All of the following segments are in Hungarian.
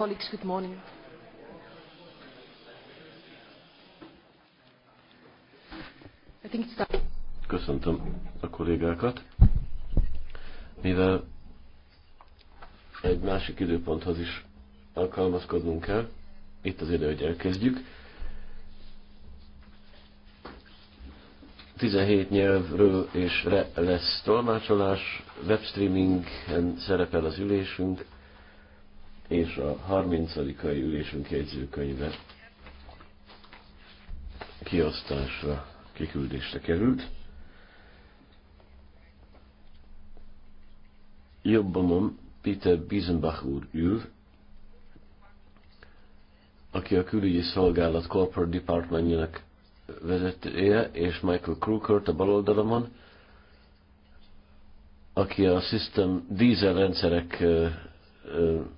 Colleagues, good morning. I think it's time. Köszöntöm a kollégákat. Mivel egy másik időponthoz is alkalmazkodnunk kell, itt az idő, hogy elkezdjük. 17 nyelvről és re lesz tolmácsolás, webstreamingen szerepel az ülésünk, és a 30. ülésünk jegyzőkönyve kiosztásra, kiküldésre került. Jobbamon Peter Bizenbach úr ül, aki a külügyi szolgálat Corporate Departmentjének vezetője, és Michael Krukert a baloldalamon, aki a System Diesel rendszerek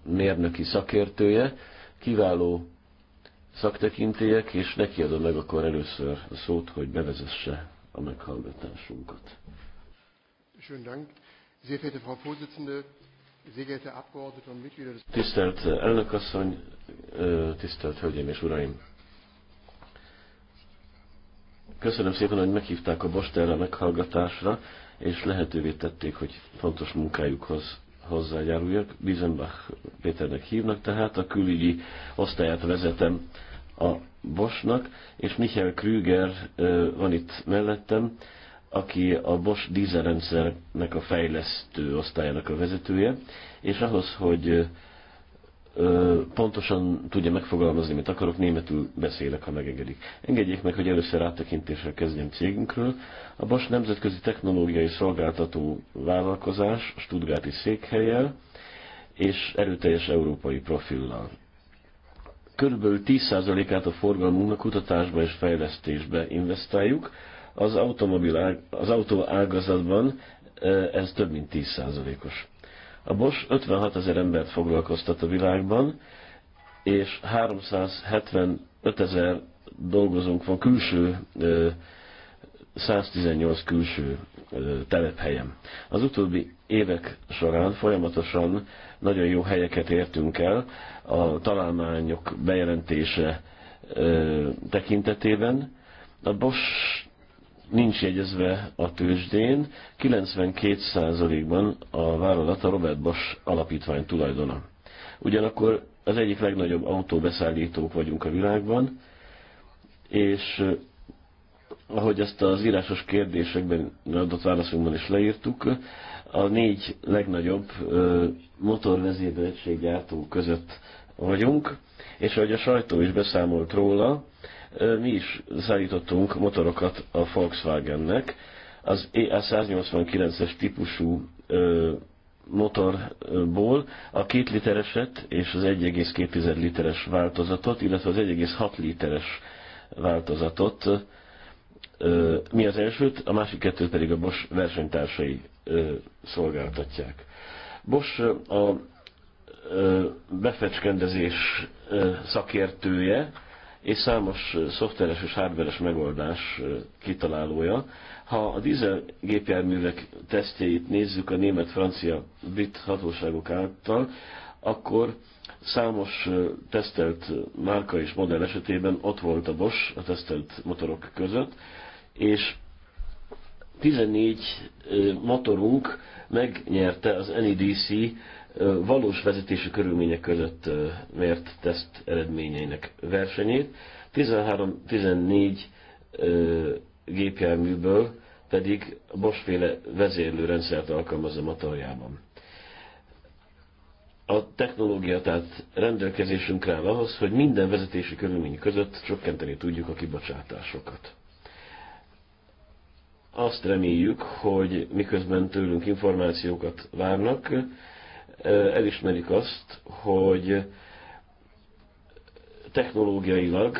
mérnöki szakértője, kiváló szaktekintélyek, és neki adom meg akkor először a szót, hogy bevezesse a meghallgatásunkat. Tisztelt elnökasszony, tisztelt hölgyeim és uraim! Köszönöm szépen, hogy meghívták a Bost a meghallgatásra, és lehetővé tették, hogy fontos munkájukhoz hozzájáruljak. Bizenbach Péternek hívnak, tehát a külügyi osztályát vezetem a Bosnak, és Michael Krüger van itt mellettem, aki a Bosch dízelrendszernek a fejlesztő osztályának a vezetője, és ahhoz, hogy pontosan tudja megfogalmazni, mit akarok, németül beszélek, ha megengedik. Engedjék meg, hogy először áttekintésre kezdjem cégünkről. A BAS Nemzetközi Technológiai Szolgáltató Vállalkozás Stuttgarti székhelyel és erőteljes európai profillal. Körülbelül 10%-át a forgalmunknak kutatásba és fejlesztésbe investáljuk, az, automobil ág, az autó ágazatban ez több mint 10%-os a Bosch 56 ezer embert foglalkoztat a világban, és 375 ezer dolgozónk van külső, 118 külső telephelyen. Az utóbbi évek során folyamatosan nagyon jó helyeket értünk el a találmányok bejelentése tekintetében. A Bosch nincs jegyezve a tőzsdén, 92%-ban a vállalat a Robert Bosch alapítvány tulajdona. Ugyanakkor az egyik legnagyobb autóbeszállítók vagyunk a világban, és ahogy ezt az írásos kérdésekben adott válaszunkban is leírtuk, a négy legnagyobb motorvezérlőegységgyártó között vagyunk, és ahogy a sajtó is beszámolt róla, mi is szállítottunk motorokat a Volkswagennek. Az EA189-es típusú motorból a 2 litereset és az 1,2 literes változatot, illetve az 1,6 literes változatot. Mi az elsőt, a másik kettőt pedig a Bosch versenytársai szolgáltatják. Bosch a befecskendezés szakértője, és számos szoftveres és hardveres megoldás kitalálója. Ha a dízel gépjárművek tesztjeit nézzük a német, francia, brit hatóságok által, akkor számos tesztelt márka és modell esetében ott volt a Bosch a tesztelt motorok között, és 14 motorunk megnyerte az NEDC valós vezetési körülmények között mért teszt eredményeinek versenyét. 13-14 gépjárműből pedig Bosféle vezérlőrendszert alkalmaz a motorjában. A technológia tehát rendelkezésünkre áll ahhoz, hogy minden vezetési körülmény között csökkenteni tudjuk a kibocsátásokat. Azt reméljük, hogy miközben tőlünk információkat várnak, elismerik azt, hogy technológiailag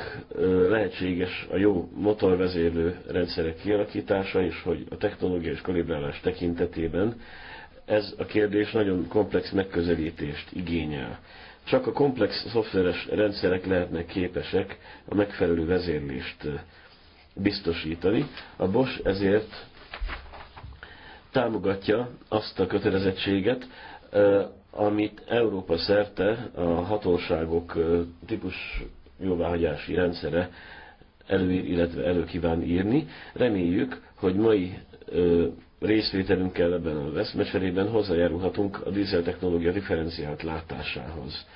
lehetséges a jó motorvezérlő rendszerek kialakítása, és hogy a technológiai és kalibrálás tekintetében ez a kérdés nagyon komplex megközelítést igényel. Csak a komplex szoftveres rendszerek lehetnek képesek a megfelelő vezérlést biztosítani. A Bosch ezért támogatja azt a kötelezettséget, amit Európa szerte a hatóságok típus jóváhagyási rendszere előír, illetve elő kíván írni. Reméljük, hogy mai részvételünkkel ebben a veszmecserében hozzájárulhatunk a dízel technológia differenciált látásához.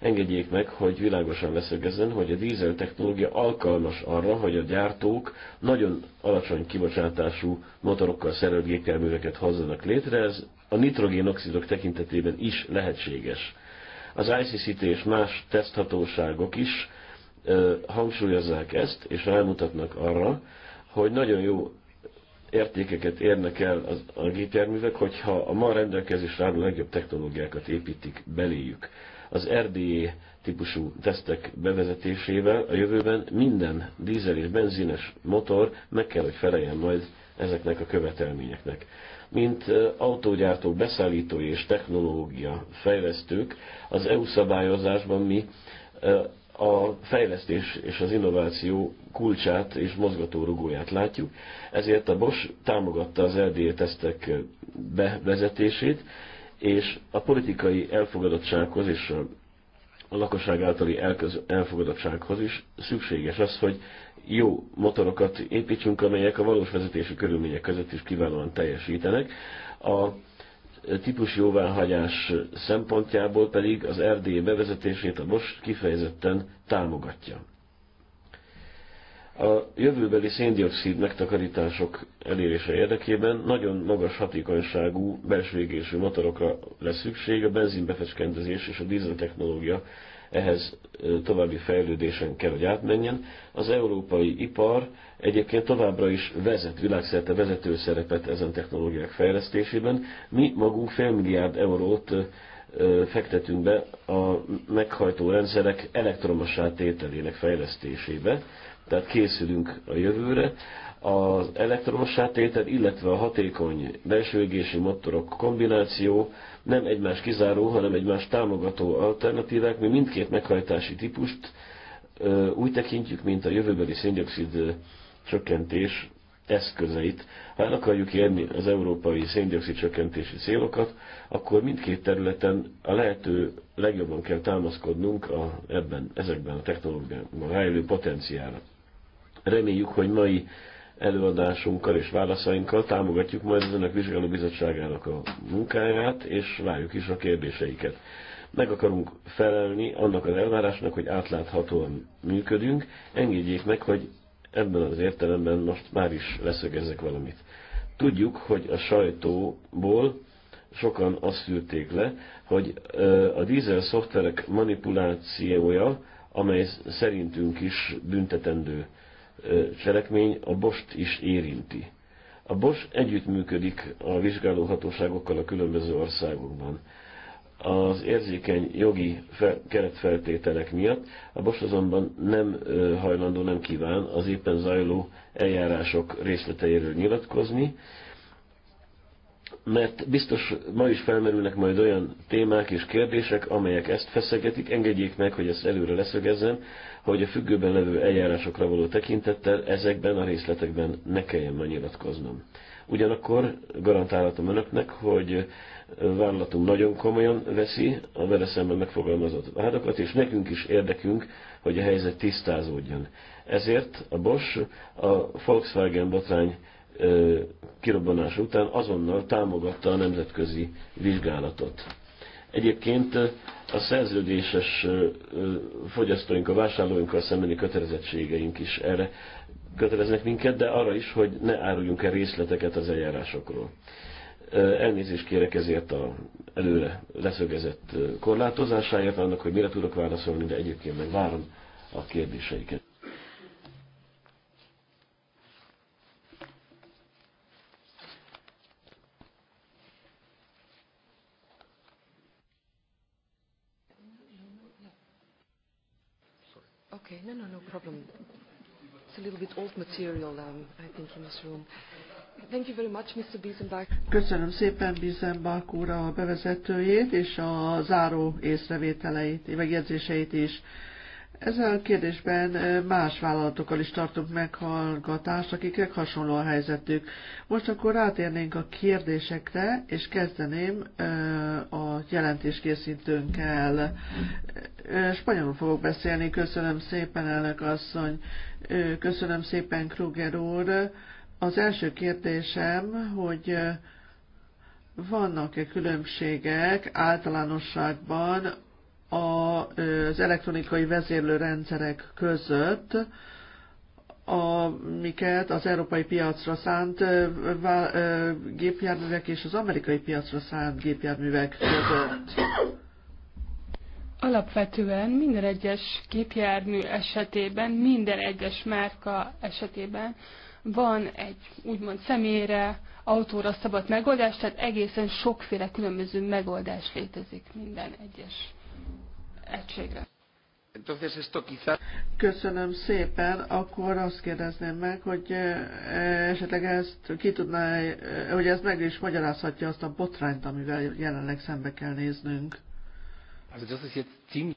Engedjék meg, hogy világosan leszögezzen, hogy a dízel technológia alkalmas arra, hogy a gyártók nagyon alacsony kibocsátású motorokkal szerelt gépjárműveket hozzanak létre, ez a nitrogénoxidok tekintetében is lehetséges. Az ICCT és más teszthatóságok is ö, hangsúlyozzák ezt, és rámutatnak arra, hogy nagyon jó értékeket érnek el az, a gépjárművek, hogyha a ma rendelkezésre álló legjobb technológiákat építik beléjük. Az RDE típusú tesztek bevezetésével a jövőben minden dízel és benzines motor meg kell, hogy feleljen majd ezeknek a követelményeknek mint autógyártó, beszállító és technológia fejlesztők. Az EU szabályozásban mi a fejlesztés és az innováció kulcsát és mozgatórugóját látjuk, ezért a Bosch támogatta az LDE tesztek bevezetését, és a politikai elfogadottsághoz és a lakosság általi elfogadottsághoz is szükséges az, hogy jó motorokat építsünk, amelyek a valós vezetési körülmények között is kiválóan teljesítenek. A típus jóváhagyás szempontjából pedig az RDE bevezetését a most kifejezetten támogatja. A jövőbeli széndiokszid megtakarítások elérése érdekében nagyon magas hatékonyságú belsőégésű motorokra lesz szükség, a benzinbefecskendezés és a dízeltechnológia technológia ehhez további fejlődésen kell, hogy átmenjen. Az európai ipar egyébként továbbra is vezet, világszerte vezető szerepet ezen technológiák fejlesztésében. Mi magunk félmilliárd eurót fektetünk be a meghajtó rendszerek elektromos tételének fejlesztésébe, tehát készülünk a jövőre. Az elektromos tétel, illetve a hatékony belső motorok kombináció nem egymás kizáró, hanem egymás támogató alternatívák. Mi mindkét meghajtási típust úgy tekintjük, mint a jövőbeli széndiokszid csökkentés eszközeit. Ha el akarjuk érni az európai széndiokszid csökkentési célokat, akkor mindkét területen a lehető legjobban kell támaszkodnunk a, ebben, ezekben a technológiában rájövő potenciára. Reméljük, hogy mai előadásunkkal és válaszainkkal támogatjuk majd az Önök bizottságának a munkáját, és várjuk is a kérdéseiket. Meg akarunk felelni annak az elvárásnak, hogy átláthatóan működünk. Engedjék meg, hogy ebben az értelemben most már is leszögezzek valamit. Tudjuk, hogy a sajtóból sokan azt szűrték le, hogy a dízel szoftverek manipulációja, amely szerintünk is büntetendő cselekmény a Bost is érinti. A Bos együttműködik a vizsgálóhatóságokkal a különböző országokban. Az érzékeny jogi fel, keretfeltételek miatt a Bos azonban nem hajlandó, nem kíván az éppen zajló eljárások részleteiről nyilatkozni, mert biztos ma is felmerülnek majd olyan témák és kérdések, amelyek ezt feszegetik. Engedjék meg, hogy ezt előre leszögezzem hogy a függőben levő eljárásokra való tekintettel ezekben a részletekben ne kelljen megnyilatkoznom. Ugyanakkor garantálhatom önöknek, hogy vállalatunk nagyon komolyan veszi a vele szemben megfogalmazott vádakat, és nekünk is érdekünk, hogy a helyzet tisztázódjon. Ezért a Bosch a Volkswagen botrány kirobbanás után azonnal támogatta a nemzetközi vizsgálatot. Egyébként a szerződéses fogyasztóink, a vásárlóinkkal szembeni kötelezettségeink is erre köteleznek minket, de arra is, hogy ne áruljunk el részleteket az eljárásokról. Elnézést kérek ezért a előre leszögezett korlátozásáért, annak, hogy mire tudok válaszolni, de egyébként meg várom a kérdéseiket. Okay, no, no, no problem. It's a little bit old material, um, I think, in this room. Thank you very much, Mr. Biesenbach. Köszönöm szépen Biesenbach úr a bevezetőjét és a záró észrevételeit, megjegyzéseit is. Ezzel a kérdésben más vállalatokkal is tartunk meghallgatást, akiknek hasonló a helyzetük. Most akkor rátérnénk a kérdésekre, és kezdeném a jelentéskészítőnkkel. Spanyolul fogok beszélni, köszönöm szépen, elnök asszony, köszönöm szépen, Kruger úr. Az első kérdésem, hogy vannak-e különbségek általánosságban az elektronikai vezérlőrendszerek között, amiket az európai piacra szánt gépjárművek és az amerikai piacra szánt gépjárművek között? Alapvetően minden egyes képjármű esetében, minden egyes márka esetében van egy úgymond személyre, autóra szabott megoldás, tehát egészen sokféle különböző megoldás létezik minden egyes egységre. Köszönöm szépen. Akkor azt kérdezném meg, hogy eh, esetleg ezt ki tudná, eh, hogy ez meg is magyarázhatja azt a botrányt, amivel jelenleg szembe kell néznünk. Also das ist jetzt ziemlich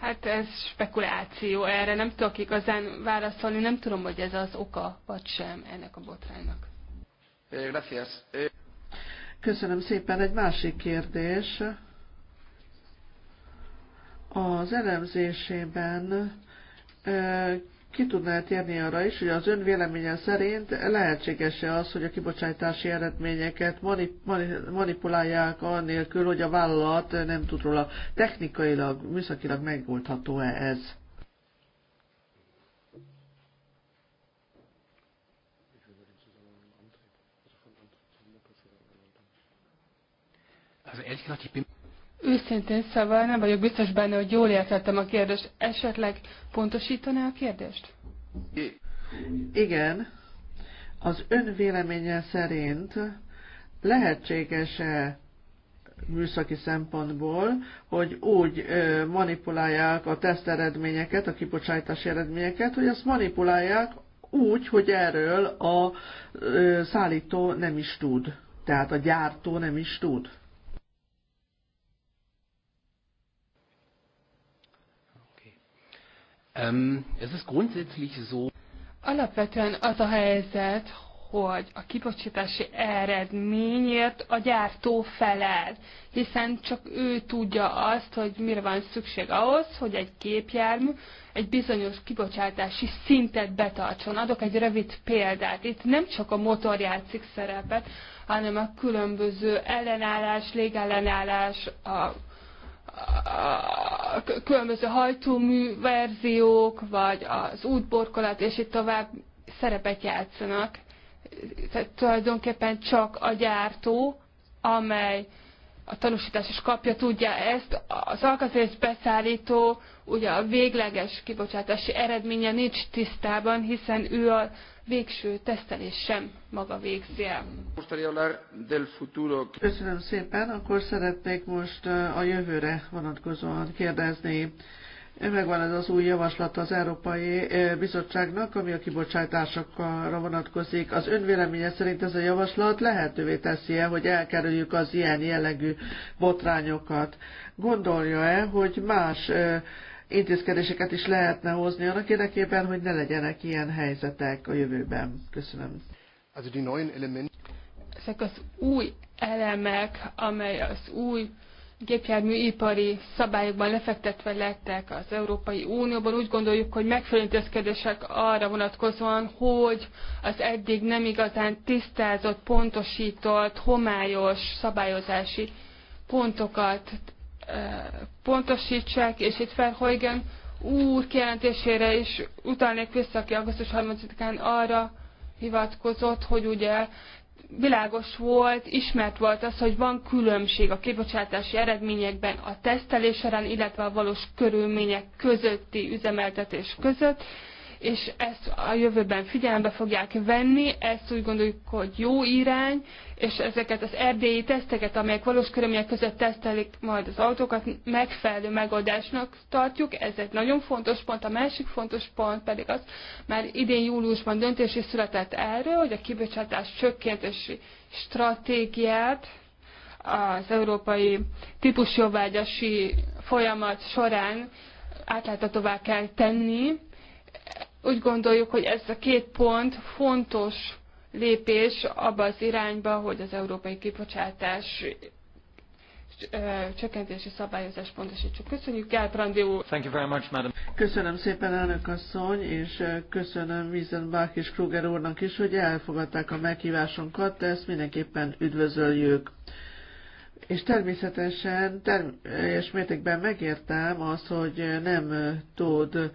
Hát ez spekuláció, erre nem tudok igazán válaszolni, nem tudom, hogy ez az oka, vagy sem ennek a botránynak. Eh, eh, Köszönöm szépen. Egy másik kérdés. Az elemzésében eh, ki tudná térni arra is, hogy az ön véleménye szerint lehetséges-e az, hogy a kibocsátási eredményeket manipulálják annélkül, hogy a vállalat nem tud róla technikailag, műszakilag megoldható-e ez? Also ehrlich gesagt, ich bin Őszintén szóval nem vagyok biztos benne, hogy jól értettem a kérdést. Esetleg pontosítaná a kérdést? I igen. Az ön véleménye szerint lehetséges-e műszaki szempontból, hogy úgy manipulálják a teszt eredményeket, a kibocsátási eredményeket, hogy azt manipulálják úgy, hogy erről a szállító nem is tud, tehát a gyártó nem is tud. es ist grundsätzlich so. Alapvetően az a helyzet, hogy a kibocsátási eredményért a gyártó felel, hiszen csak ő tudja azt, hogy mire van szükség ahhoz, hogy egy képjármű egy bizonyos kibocsátási szintet betartson. Adok egy rövid példát. Itt nem csak a motor játszik szerepet, hanem a különböző ellenállás, légellenállás, a különböző hajtómű verziók, vagy az útborkolat, és itt tovább szerepet játszanak. Tehát tulajdonképpen csak a gyártó, amely a tanúsítás is kapja, tudja ezt. Az alkatrész beszállító, ugye a végleges kibocsátási eredménye nincs tisztában, hiszen ő a végső tesztelés sem maga végzi el. Köszönöm szépen, akkor szeretnék most eh, a jövőre vonatkozóan kérdezni. Megvan ez az új javaslat az Európai eh, Bizottságnak, ami a kibocsátásokra vonatkozik. Az ön véleménye szerint ez a javaslat lehetővé teszi-e, hogy elkerüljük az ilyen jellegű botrányokat? Gondolja-e, hogy más eh, intézkedéseket is lehetne hozni annak érdekében, hogy ne legyenek ilyen helyzetek a jövőben. Köszönöm. Ezek az új elemek, amely az új gépjárműipari szabályokban lefektetve lettek az Európai Unióban. Úgy gondoljuk, hogy megfelelő intézkedések arra vonatkozóan, hogy az eddig nem igazán tisztázott, pontosított, homályos szabályozási pontokat pontosítsák, és itt Verhoeven úr kijelentésére is utalnék vissza, aki augusztus 30-án arra hivatkozott, hogy ugye világos volt, ismert volt az, hogy van különbség a kibocsátási eredményekben a tesztelés során, illetve a valós körülmények közötti üzemeltetés között, és ezt a jövőben figyelembe fogják venni, ezt úgy gondoljuk, hogy jó irány, és ezeket az erdélyi teszteket, amelyek valós körülmények között tesztelik majd az autókat, megfelelő megoldásnak tartjuk. Ez egy nagyon fontos pont. A másik fontos pont pedig az, már idén júliusban döntés is született erről, hogy a kibocsátás csökkentési stratégiát az európai típusjóvágyasi folyamat során átláthatóvá kell tenni, úgy gondoljuk, hogy ez a két pont fontos lépés abba az irányba, hogy az európai kibocsátás csökkentési szabályozás pontosítsuk. Köszönjük, Gelbrandi úr! Thank you very much, madam. Köszönöm szépen, elnök asszony, és köszönöm Wiesenbach és Kruger úrnak is, hogy elfogadták a meghívásunkat, de ezt mindenképpen üdvözöljük. És természetesen és mértékben megértem azt, hogy nem tud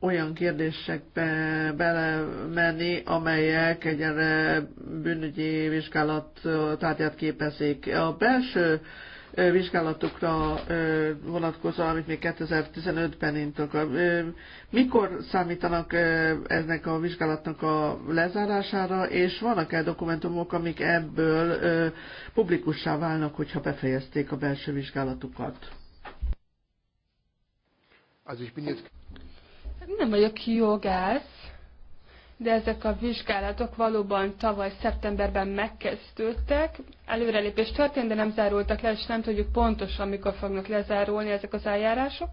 olyan kérdésekbe belemenni, amelyek egyenre bűnügyi vizsgálat tárgyát képezik. A belső vizsgálatokra vonatkozóan, amit még 2015-ben intok. Mikor számítanak eznek a vizsgálatnak a lezárására, és vannak-e dokumentumok, amik ebből publikussá válnak, hogyha befejezték a belső vizsgálatukat? Also ich bin jetzt nem vagyok jogász, de ezek a vizsgálatok valóban tavaly szeptemberben megkezdődtek. Előrelépés történt, de nem zárultak le, és nem tudjuk pontosan, mikor fognak lezárulni ezek az eljárások.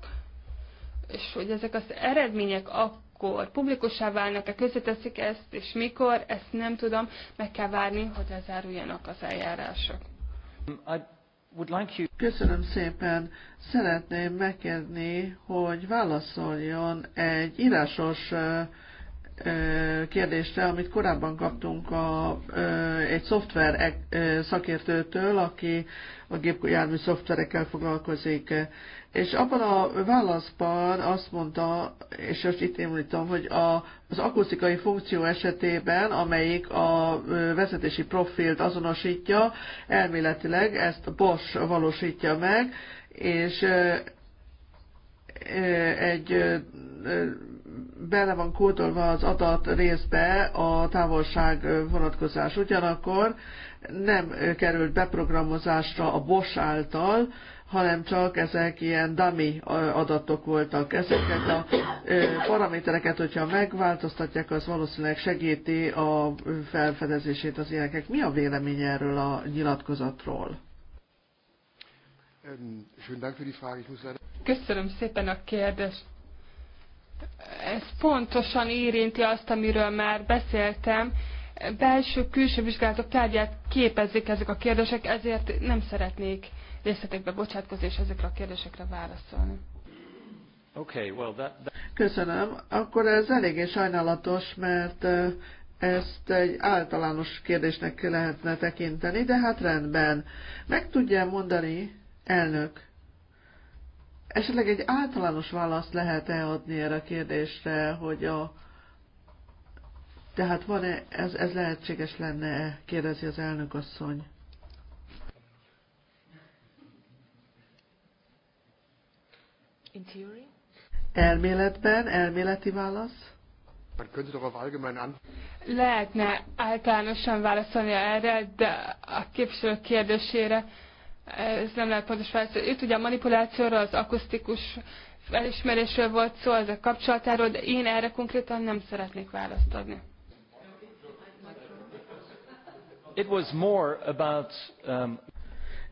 És hogy ezek az eredmények akkor publikussá válnak-e, közöteszik ezt, és mikor, ezt nem tudom, meg kell várni, hogy lezáruljanak az eljárások. Um, Köszönöm szépen. Szeretném megkérni, hogy válaszoljon egy írásos kérdésre, amit korábban kaptunk a, egy szoftver szakértőtől, aki a gépjármű szoftverekkel foglalkozik. És abban a válaszban azt mondta, és most itt említem, hogy a, az akusztikai funkció esetében, amelyik a vezetési profilt azonosítja, elméletileg ezt Bosch valósítja meg, és egy bele van kódolva az adat részbe a távolság vonatkozás. Ugyanakkor nem került beprogramozásra a Bosch által, hanem csak ezek ilyen dummy adatok voltak. Ezeket a paramétereket, hogyha megváltoztatják, az valószínűleg segíti a felfedezését az ilyenek. Mi a vélemény erről a nyilatkozatról? Köszönöm szépen a kérdést. Ez pontosan érinti azt, amiről már beszéltem. Belső-külső vizsgálatok tárgyát képezik ezek a kérdések, ezért nem szeretnék részletekbe bocsátkozni, és ezekre a kérdésekre válaszolni. Okay, well that, that... Köszönöm. Akkor ez eléggé sajnálatos, mert ezt egy általános kérdésnek lehetne tekinteni, de hát rendben. Meg tudja mondani, elnök, esetleg egy általános választ lehet-e adni erre a kérdésre, hogy a tehát van-e, ez, ez lehetséges lenne, kérdezi az elnök asszony. In theory? Elméletben, elméleti válasz. Man könnte doch auf allgemein an. Lehetne általánosan válaszolni erre, de a képviselő kérdésére ez nem lehet pontos válasz. Itt ugye a manipulációról, az akusztikus felismerésről volt szó, a kapcsolatáról, de én erre konkrétan nem szeretnék választ adni. It was more about, um...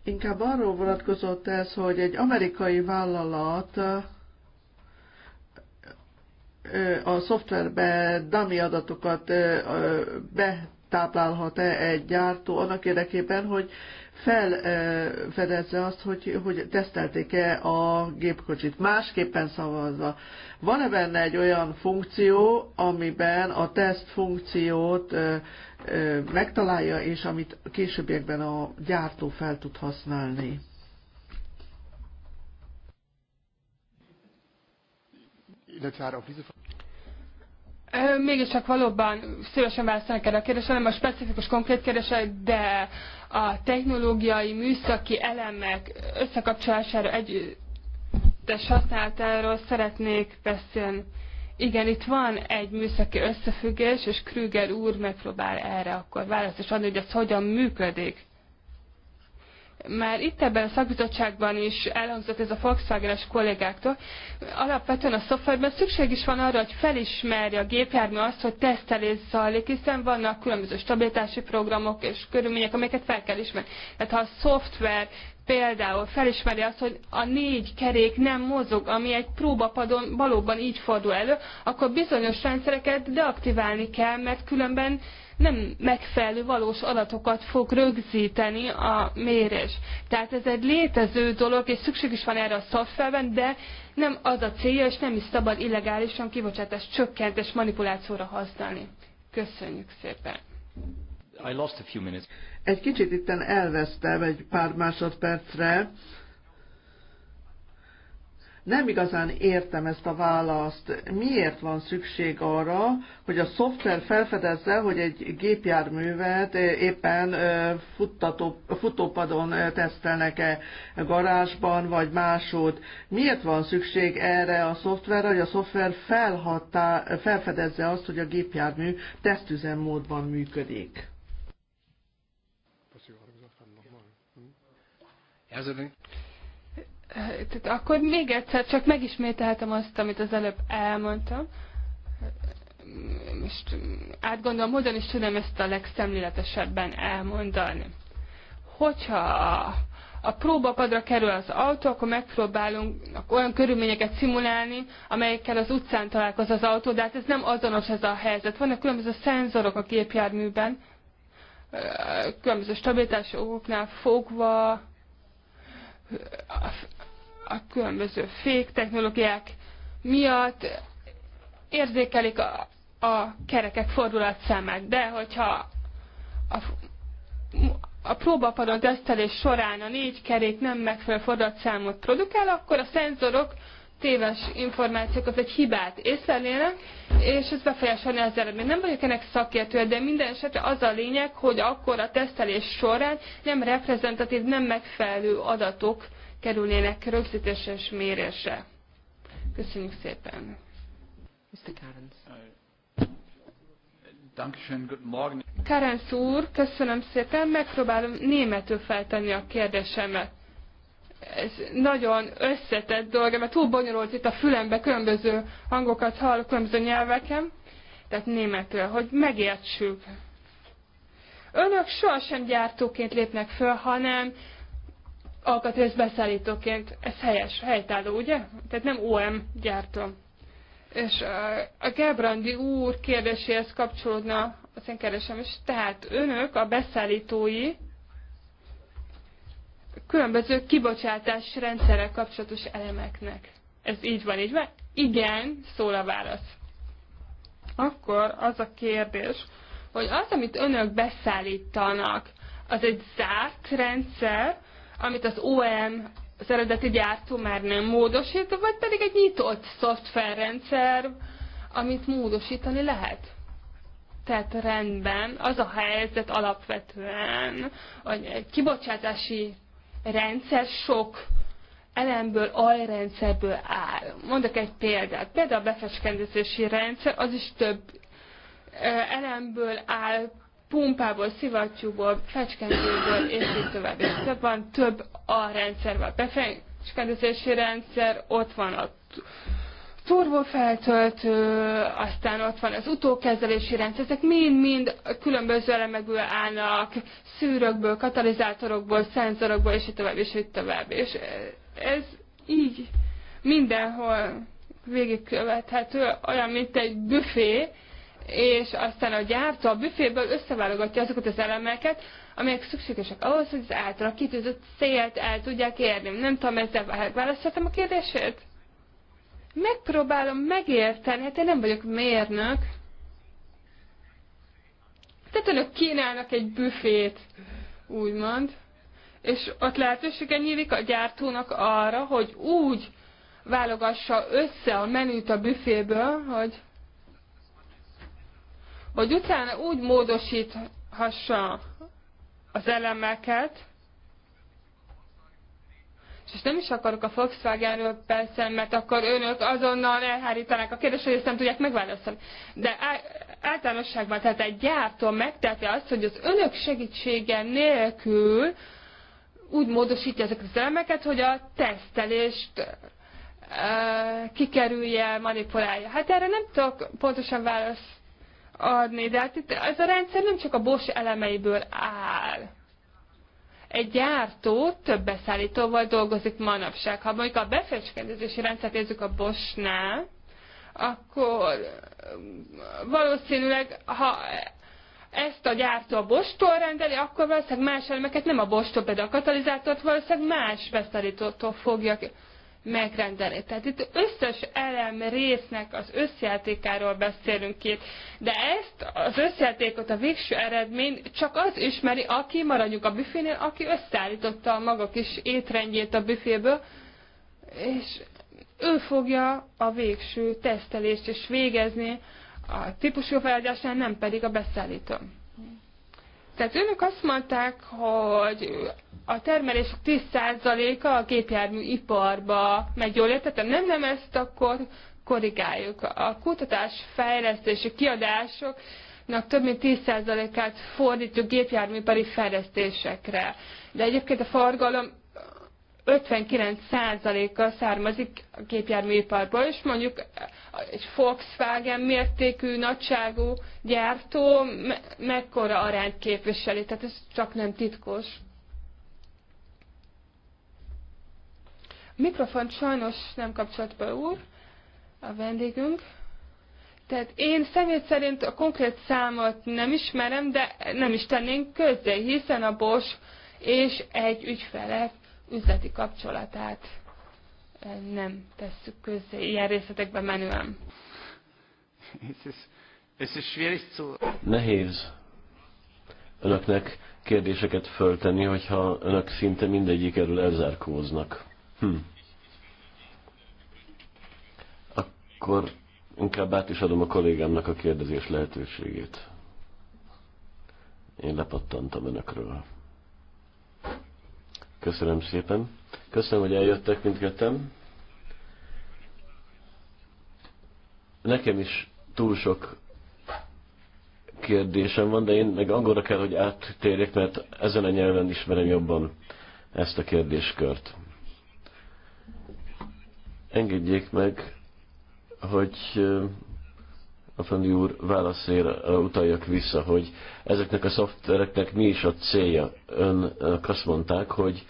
Inkább arról vonatkozott ez, hogy egy amerikai vállalat a szoftverbe dummy adatokat betáplálhat-e egy gyártó annak érdekében, hogy felfedezze azt, hogy, hogy tesztelték-e a gépkocsit. Másképpen szavazva, van-e benne egy olyan funkció, amiben a teszt funkciót megtalálja, és amit későbbiekben a gyártó fel tud használni. Mégiscsak valóban szívesen válaszolnak erre a kérdésre, nem a specifikus konkrét kérdésre, de a technológiai műszaki elemek összekapcsolására együttes használatáról szeretnék beszélni igen, itt van egy műszaki összefüggés, és Krüger úr megpróbál erre akkor választ is adni, hogy ez hogyan működik. Már itt ebben a szakbizottságban is elhangzott ez a Volkswagen-es kollégáktól. Alapvetően a szoftverben szükség is van arra, hogy felismerje a gépjármű azt, hogy tesztelés zajlik, hiszen vannak különböző stabilitási programok és körülmények, amelyeket fel kell ismerni. Tehát ha a szoftver például felismeri azt, hogy a négy kerék nem mozog, ami egy próbapadon valóban így fordul elő, akkor bizonyos rendszereket deaktiválni kell, mert különben nem megfelelő valós adatokat fog rögzíteni a mérés. Tehát ez egy létező dolog, és szükség is van erre a szoftverben, de nem az a célja, és nem is szabad illegálisan kibocsátás csökkentés manipulációra használni. Köszönjük szépen! I lost a few minutes. Egy kicsit itten elvesztem egy pár másodpercre. Nem igazán értem ezt a választ. Miért van szükség arra, hogy a szoftver felfedezze, hogy egy gépjárművet eh, éppen eh, futtató, futópadon eh, tesztelnek-e garázsban vagy máshogy? Miért van szükség erre a szoftverre, hogy a szoftver felhatta, felfedezze azt, hogy a gépjármű tesztüzemmódban működik? Tehát akkor még egyszer csak megismételhetem azt, amit az előbb elmondtam. Most átgondolom, hogyan is tudom ezt a legszemléletesebben elmondani. Hogyha a, a próbapadra kerül az autó, akkor megpróbálunk olyan körülményeket szimulálni, amelyekkel az utcán találkoz az autó, de hát ez nem azonos ez a helyzet. Vannak különböző szenzorok a gépjárműben, különböző stabilitási okoknál fogva, a különböző fék technológiák miatt érzékelik a, a kerekek fordulatszámát, de hogyha a, a próbapadon tesztelés során a négy kerék nem megfelelő fordulatszámot produkál, akkor a szenzorok téves információkat vagy hibát észlelnének, és ez befolyásolni az eredményt. Nem vagyok ennek szakértő, de minden esetre az a lényeg, hogy akkor a tesztelés során nem reprezentatív, nem megfelelő adatok kerülnének rögzítéses mérése. mérésre. Köszönjük szépen! Mr. úr, köszönöm szépen, megpróbálom németül feltenni a kérdésemet ez nagyon összetett dolog, mert túl bonyolult itt a fülembe különböző hangokat hallok különböző nyelveken, tehát németül, hogy megértsük. Önök sohasem gyártóként lépnek föl, hanem alkatrész beszállítóként. Ez helyes, helytálló, ugye? Tehát nem OM gyártó. És a Gebrandi úr kérdéséhez kapcsolódna az én keresem is. Tehát önök, a beszállítói, különböző kibocsátás rendszerrel kapcsolatos elemeknek. Ez így van, így van? Igen, szól a válasz. Akkor az a kérdés, hogy az, amit önök beszállítanak, az egy zárt rendszer, amit az OM, az eredeti gyártó már nem módosít, vagy pedig egy nyitott szoftverrendszer, amit módosítani lehet. Tehát rendben, az a helyzet alapvetően, hogy egy kibocsátási rendszer sok elemből, alrendszerből áll. Mondok egy példát. Például a befecskendezési rendszer, az is több elemből áll, pumpából, szivattyúból, fecskendőből, és így tovább. És több van, több a rendszer van. Befecskendezési rendszer, ott van a turbofeltöltő, aztán ott van az utókezelési rendszer, ezek mind-mind különböző elemekből állnak, szűrökből, katalizátorokból, szenzorokból, és így tovább, és így tovább. És ez így mindenhol végigkövethető, olyan, mint egy büfé, és aztán a gyártó a büféből összeválogatja azokat az elemeket, amelyek szükségesek ahhoz, hogy az általa kitűzött célt el tudják érni. Nem tudom, ezzel választottam a kérdését? megpróbálom megérteni, hát én nem vagyok mérnök. Tehát önök kínálnak egy büfét, úgymond, és ott lehetősége nyílik a gyártónak arra, hogy úgy válogassa össze a menüt a büféből, hogy, hogy utána úgy módosíthassa az elemeket, és nem is akarok a Volkswagenről persze, mert akkor önök azonnal elhárítanák a kérdést, hogy ezt nem tudják megválaszolni. De általánosságban, tehát egy gyártó megteheti azt, hogy az önök segítsége nélkül úgy módosítja ezeket az elemeket, hogy a tesztelést kikerülje, manipulálja. Hát erre nem tudok pontosan választ adni, de hát itt ez a rendszer nem csak a Bosch elemeiből áll egy gyártó több beszállítóval dolgozik manapság. Ha mondjuk a befecskendezési rendszert nézzük a Bosnál, akkor um, valószínűleg, ha ezt a gyártó a Bostól rendeli, akkor valószínűleg más elemeket, nem a Bostól, de a katalizátort valószínűleg más beszállítótól fogja megrendelni. Tehát itt összes elem résznek az összjátékáról beszélünk itt, de ezt az összjátékot, a végső eredmény csak az ismeri, aki, maradjuk a büfénél, aki összeállította a maga kis étrendjét a büféből, és ő fogja a végső tesztelést is végezni, a típusú feladásán nem pedig a beszállító. Tehát önök azt mondták, hogy a termelések 10%-a a gépjármű iparba megy jól értettem. Nem, nem ezt akkor korrigáljuk. A kutatás, fejlesztési kiadásoknak több mint 10%-át fordítjuk gépjárműipari fejlesztésekre. De egyébként a forgalom 59%-a származik a gépjárműiparból, és mondjuk egy Volkswagen mértékű, nagyságú gyártó me mekkora arányt képviseli, tehát ez csak nem titkos. A mikrofont sajnos nem kapcsolt be úr, a vendégünk. Tehát én személy szerint a konkrét számot nem ismerem, de nem is tennénk közé, hiszen a Bosch és egy ügyfele üzleti kapcsolatát nem tesszük közzé ilyen részletekbe menően. Nehéz önöknek kérdéseket föltenni, hogyha önök szinte mindegyik erről elzárkóznak. Hm. Akkor inkább át is adom a kollégámnak a kérdezés lehetőségét. Én lepattantam önökről. Köszönöm szépen. Köszönöm, hogy eljöttek mindketten. Nekem is túl sok kérdésem van, de én meg angolra kell, hogy áttérjek, mert ezen a nyelven ismerem jobban ezt a kérdéskört. Engedjék meg, hogy a Fendi úr válaszére utaljak vissza, hogy ezeknek a szoftvereknek mi is a célja. Ön azt mondták, hogy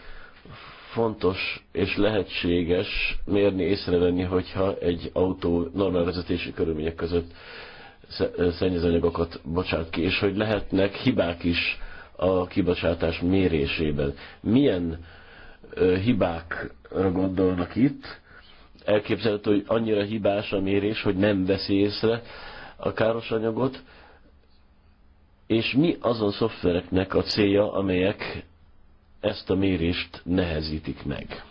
fontos és lehetséges mérni, észrevenni, hogyha egy autó normál vezetési körülmények között szennyezőanyagokat bocsát ki, és hogy lehetnek hibák is a kibocsátás mérésében. Milyen hibákra gondolnak itt? Elképzelhető, hogy annyira hibás a mérés, hogy nem veszi észre, a káros anyagot, és mi azon szoftvereknek a célja, amelyek ezt a mérést nehezítik meg.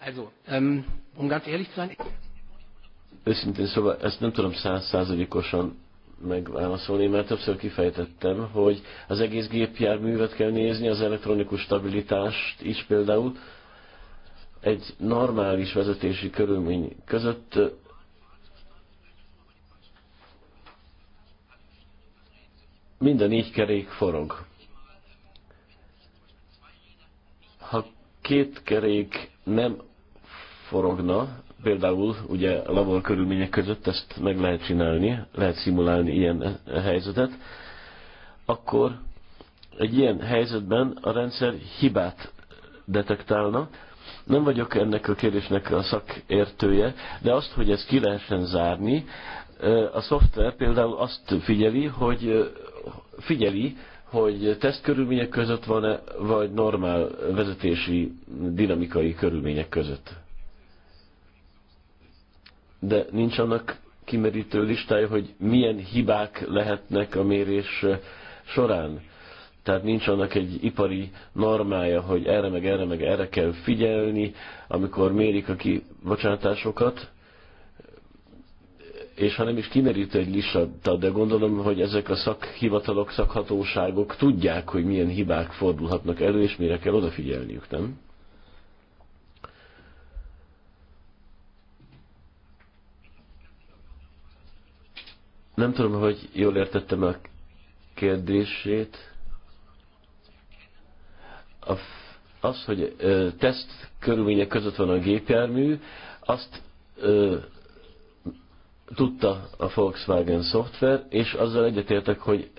Also, ähm, um, ganz ehrlich zu sein... Őszintén szóval ezt nem tudom százszázalékosan megválaszolni, mert többször kifejtettem, hogy az egész gépjárművet kell nézni, az elektronikus stabilitást is például, egy normális vezetési körülmény között minden négy kerék forog. Ha két kerék nem forogna, például ugye a labor körülmények között ezt meg lehet csinálni, lehet szimulálni ilyen helyzetet, akkor egy ilyen helyzetben a rendszer hibát detektálna, nem vagyok ennek a kérdésnek a szakértője, de azt, hogy ezt ki lehessen zárni, a szoftver például azt figyeli, hogy figyeli, hogy tesztkörülmények között van-e, vagy normál vezetési dinamikai körülmények között. De nincs annak kimerítő listája, hogy milyen hibák lehetnek a mérés során tehát nincs annak egy ipari normája, hogy erre meg erre meg erre kell figyelni, amikor mérik a kibocsátásokat, és ha nem is kimerít egy lista, de gondolom, hogy ezek a szakhivatalok, szakhatóságok tudják, hogy milyen hibák fordulhatnak elő, és mire kell odafigyelniük, nem? Nem tudom, hogy jól értettem a kérdését az, hogy ö, teszt körülmények között van a gépjármű, azt ö, tudta a Volkswagen szoftver, és azzal egyetértek, hogy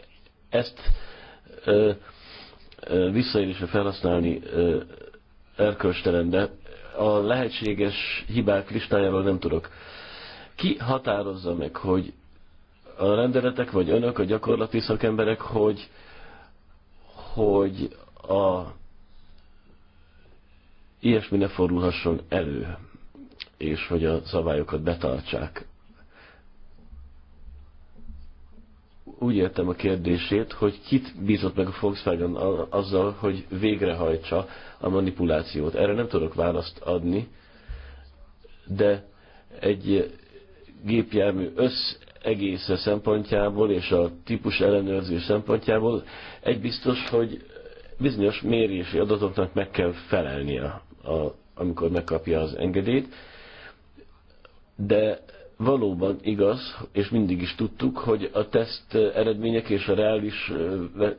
ezt ö, visszaélésre felhasználni erkölcstelen, de a lehetséges hibák listájáról nem tudok. Ki határozza meg, hogy a rendeletek, vagy önök, a gyakorlati szakemberek, hogy, hogy a ilyesmi ne fordulhasson elő, és hogy a szabályokat betartsák. Úgy értem a kérdését, hogy kit bízott meg a Volkswagen azzal, hogy végrehajtsa a manipulációt. Erre nem tudok választ adni, de egy gépjármű össz egésze szempontjából és a típus ellenőrzés szempontjából egy biztos, hogy bizonyos mérési adatoknak meg kell felelnie a, amikor megkapja az engedélyt. De valóban igaz, és mindig is tudtuk, hogy a teszt eredmények és a reális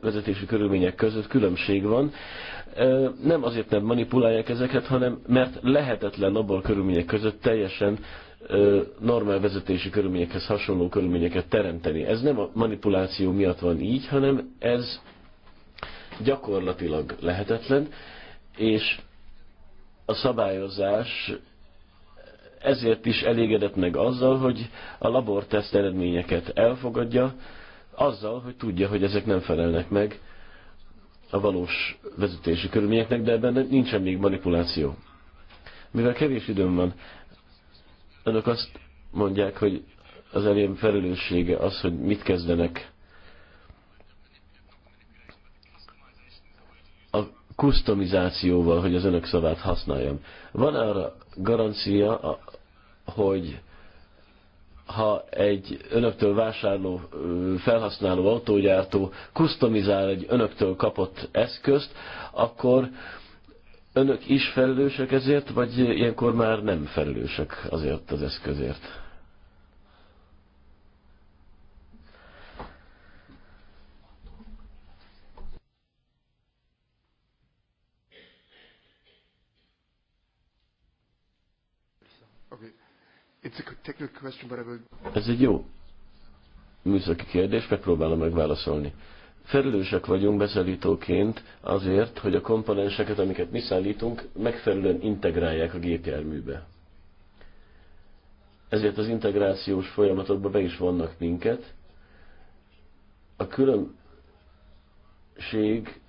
vezetési körülmények között különbség van. Nem azért nem manipulálják ezeket, hanem mert lehetetlen abban a körülmények között teljesen normál vezetési körülményekhez hasonló körülményeket teremteni. Ez nem a manipuláció miatt van így, hanem ez gyakorlatilag lehetetlen, és a szabályozás ezért is elégedett meg azzal, hogy a laborteszt eredményeket elfogadja, azzal, hogy tudja, hogy ezek nem felelnek meg a valós vezetési körülményeknek, de ebben nincsen még manipuláció. Mivel kevés időm van, önök azt mondják, hogy az elém felelőssége az, hogy mit kezdenek a kustomizációval, hogy az önök szavát használjam. Van arra garancia, hogy ha egy önöktől vásárló, felhasználó autógyártó kustomizál egy önöktől kapott eszközt, akkor önök is felelősek ezért, vagy ilyenkor már nem felelősek azért az eszközért? Ez egy jó műszaki kérdés, megpróbálom megválaszolni. Felelősek vagyunk beszállítóként azért, hogy a komponenseket, amiket mi szállítunk, megfelelően integrálják a gépjárműbe. Ezért az integrációs folyamatokba be is vannak minket. A különbség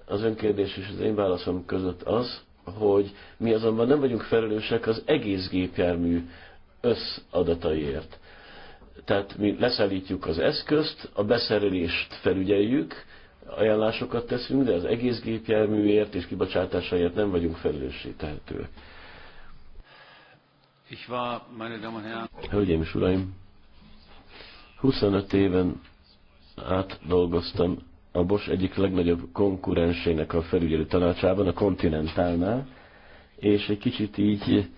az önkérdés és az én válaszom között az, hogy mi azonban nem vagyunk felelősek az egész gépjármű összadataiért. Tehát mi leszállítjuk az eszközt, a beszerelést felügyeljük, ajánlásokat teszünk, de az egész gépjárműért és kibocsátásáért nem vagyunk felelőssé Hölgyeim és Uraim, 25 éven át dolgoztam a Bosch egyik legnagyobb konkurensének a felügyelő tanácsában, a Continentálnál, és egy kicsit így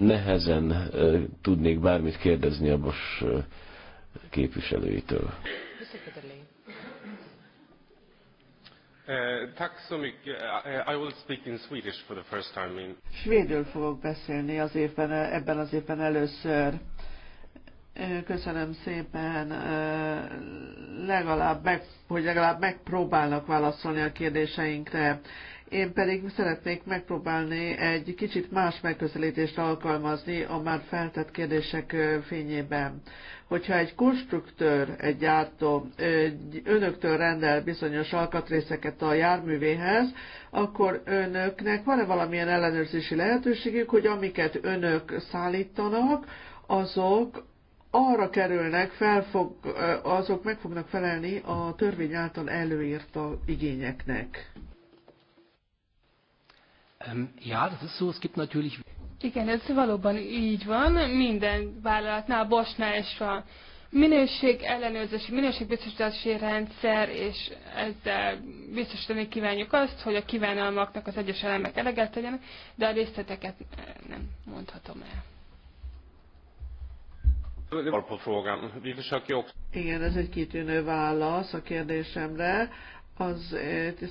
nehezen tudnék bármit kérdezni a Bos képviselőitől. Eh, eh, I will speak in Swedish for the first time in... Svédül fogok beszélni az évben, ebben az évben először. Köszönöm szépen. Legalább meg, hogy legalább megpróbálnak válaszolni a kérdéseinkre. Én pedig szeretnék megpróbálni egy kicsit más megközelítést alkalmazni a már feltett kérdések fényében. Hogyha egy konstruktőr, egy gyártó önöktől rendel bizonyos alkatrészeket a járművéhez, akkor önöknek van-e valamilyen ellenőrzési lehetőségük, hogy amiket önök szállítanak, azok arra kerülnek, felfog, azok meg fognak felelni a törvény által előírt igényeknek. Ähm, ja, das ist so, es gibt natürlich... Igen, ez valóban így van, minden vállalatnál, Bosnál is van minőség ellenőrzési, minőségbiztosítási rendszer, és ezzel biztosítani kívánjuk azt, hogy a kívánalmaknak az egyes elemek eleget tegyenek, de a részleteket eh, nem mondhatom el. Igen, ez egy kitűnő válasz a kérdésemre az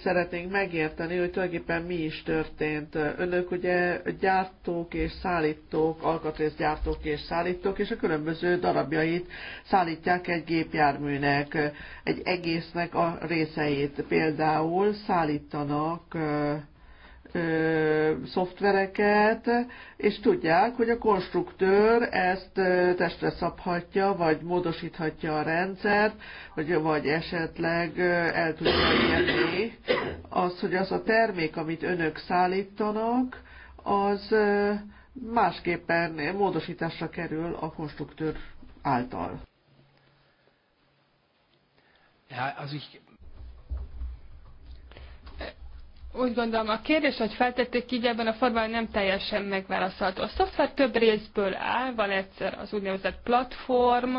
szeretnénk megérteni, hogy tulajdonképpen mi is történt. Önök ugye gyártók és szállítók, alkatrészgyártók és szállítók, és a különböző darabjait szállítják egy gépjárműnek, egy egésznek a részeit. Például szállítanak ö, szoftvereket, és tudják, hogy a konstruktőr ezt ö, testre szabhatja, vagy módosíthatja a rendszert, vagy, vagy esetleg ö, el tudja érni az, hogy az a termék, amit önök szállítanak, az ö, másképpen módosításra kerül a konstruktőr által. Ja, also ich úgy gondolom, a kérdés, hogy feltették így ebben a formában nem teljesen megválaszolható. A szoftver több részből áll, van egyszer az úgynevezett platform,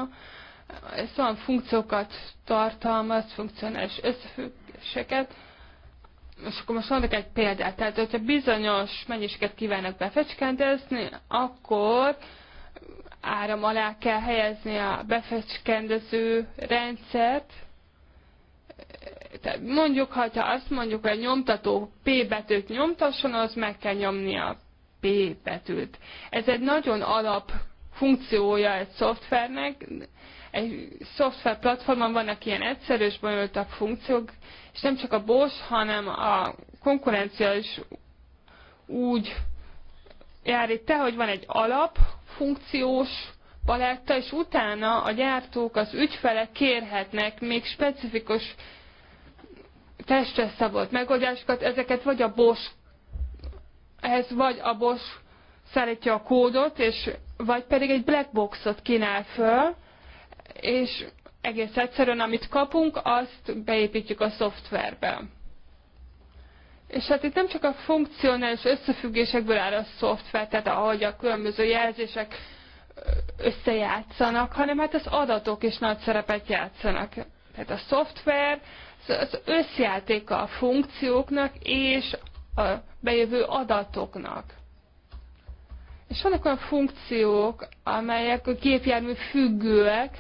ez olyan funkciókat tartalmaz, funkcionális összefüggéseket, és akkor most mondok egy példát. Tehát, hogyha bizonyos mennyiséget kívánnak befecskendezni, akkor áram alá kell helyezni a befecskendező rendszert, mondjuk, ha azt mondjuk, hogy a nyomtató P betűt nyomtasson, az meg kell nyomni a P betűt. Ez egy nagyon alap funkciója egy szoftvernek, egy szoftver platformon vannak ilyen egyszerű és bonyolultabb funkciók, és nem csak a BOS, hanem a konkurencia is úgy jár itt, hogy van egy alap funkciós paletta, és utána a gyártók, az ügyfelek kérhetnek még specifikus testre szabott megoldásokat, ezeket vagy a Bosch, ez vagy a Bosch szeretje a kódot, és vagy pedig egy black boxot kínál föl, és egész egyszerűen, amit kapunk, azt beépítjük a szoftverbe. És hát itt nem csak a funkcionális összefüggésekből áll a szoftver, tehát ahogy a különböző jelzések összejátszanak, hanem hát az adatok is nagy szerepet játszanak. Tehát a szoftver az összjátéka a funkcióknak és a bejövő adatoknak. És vannak olyan funkciók, amelyek a gépjármű függőek,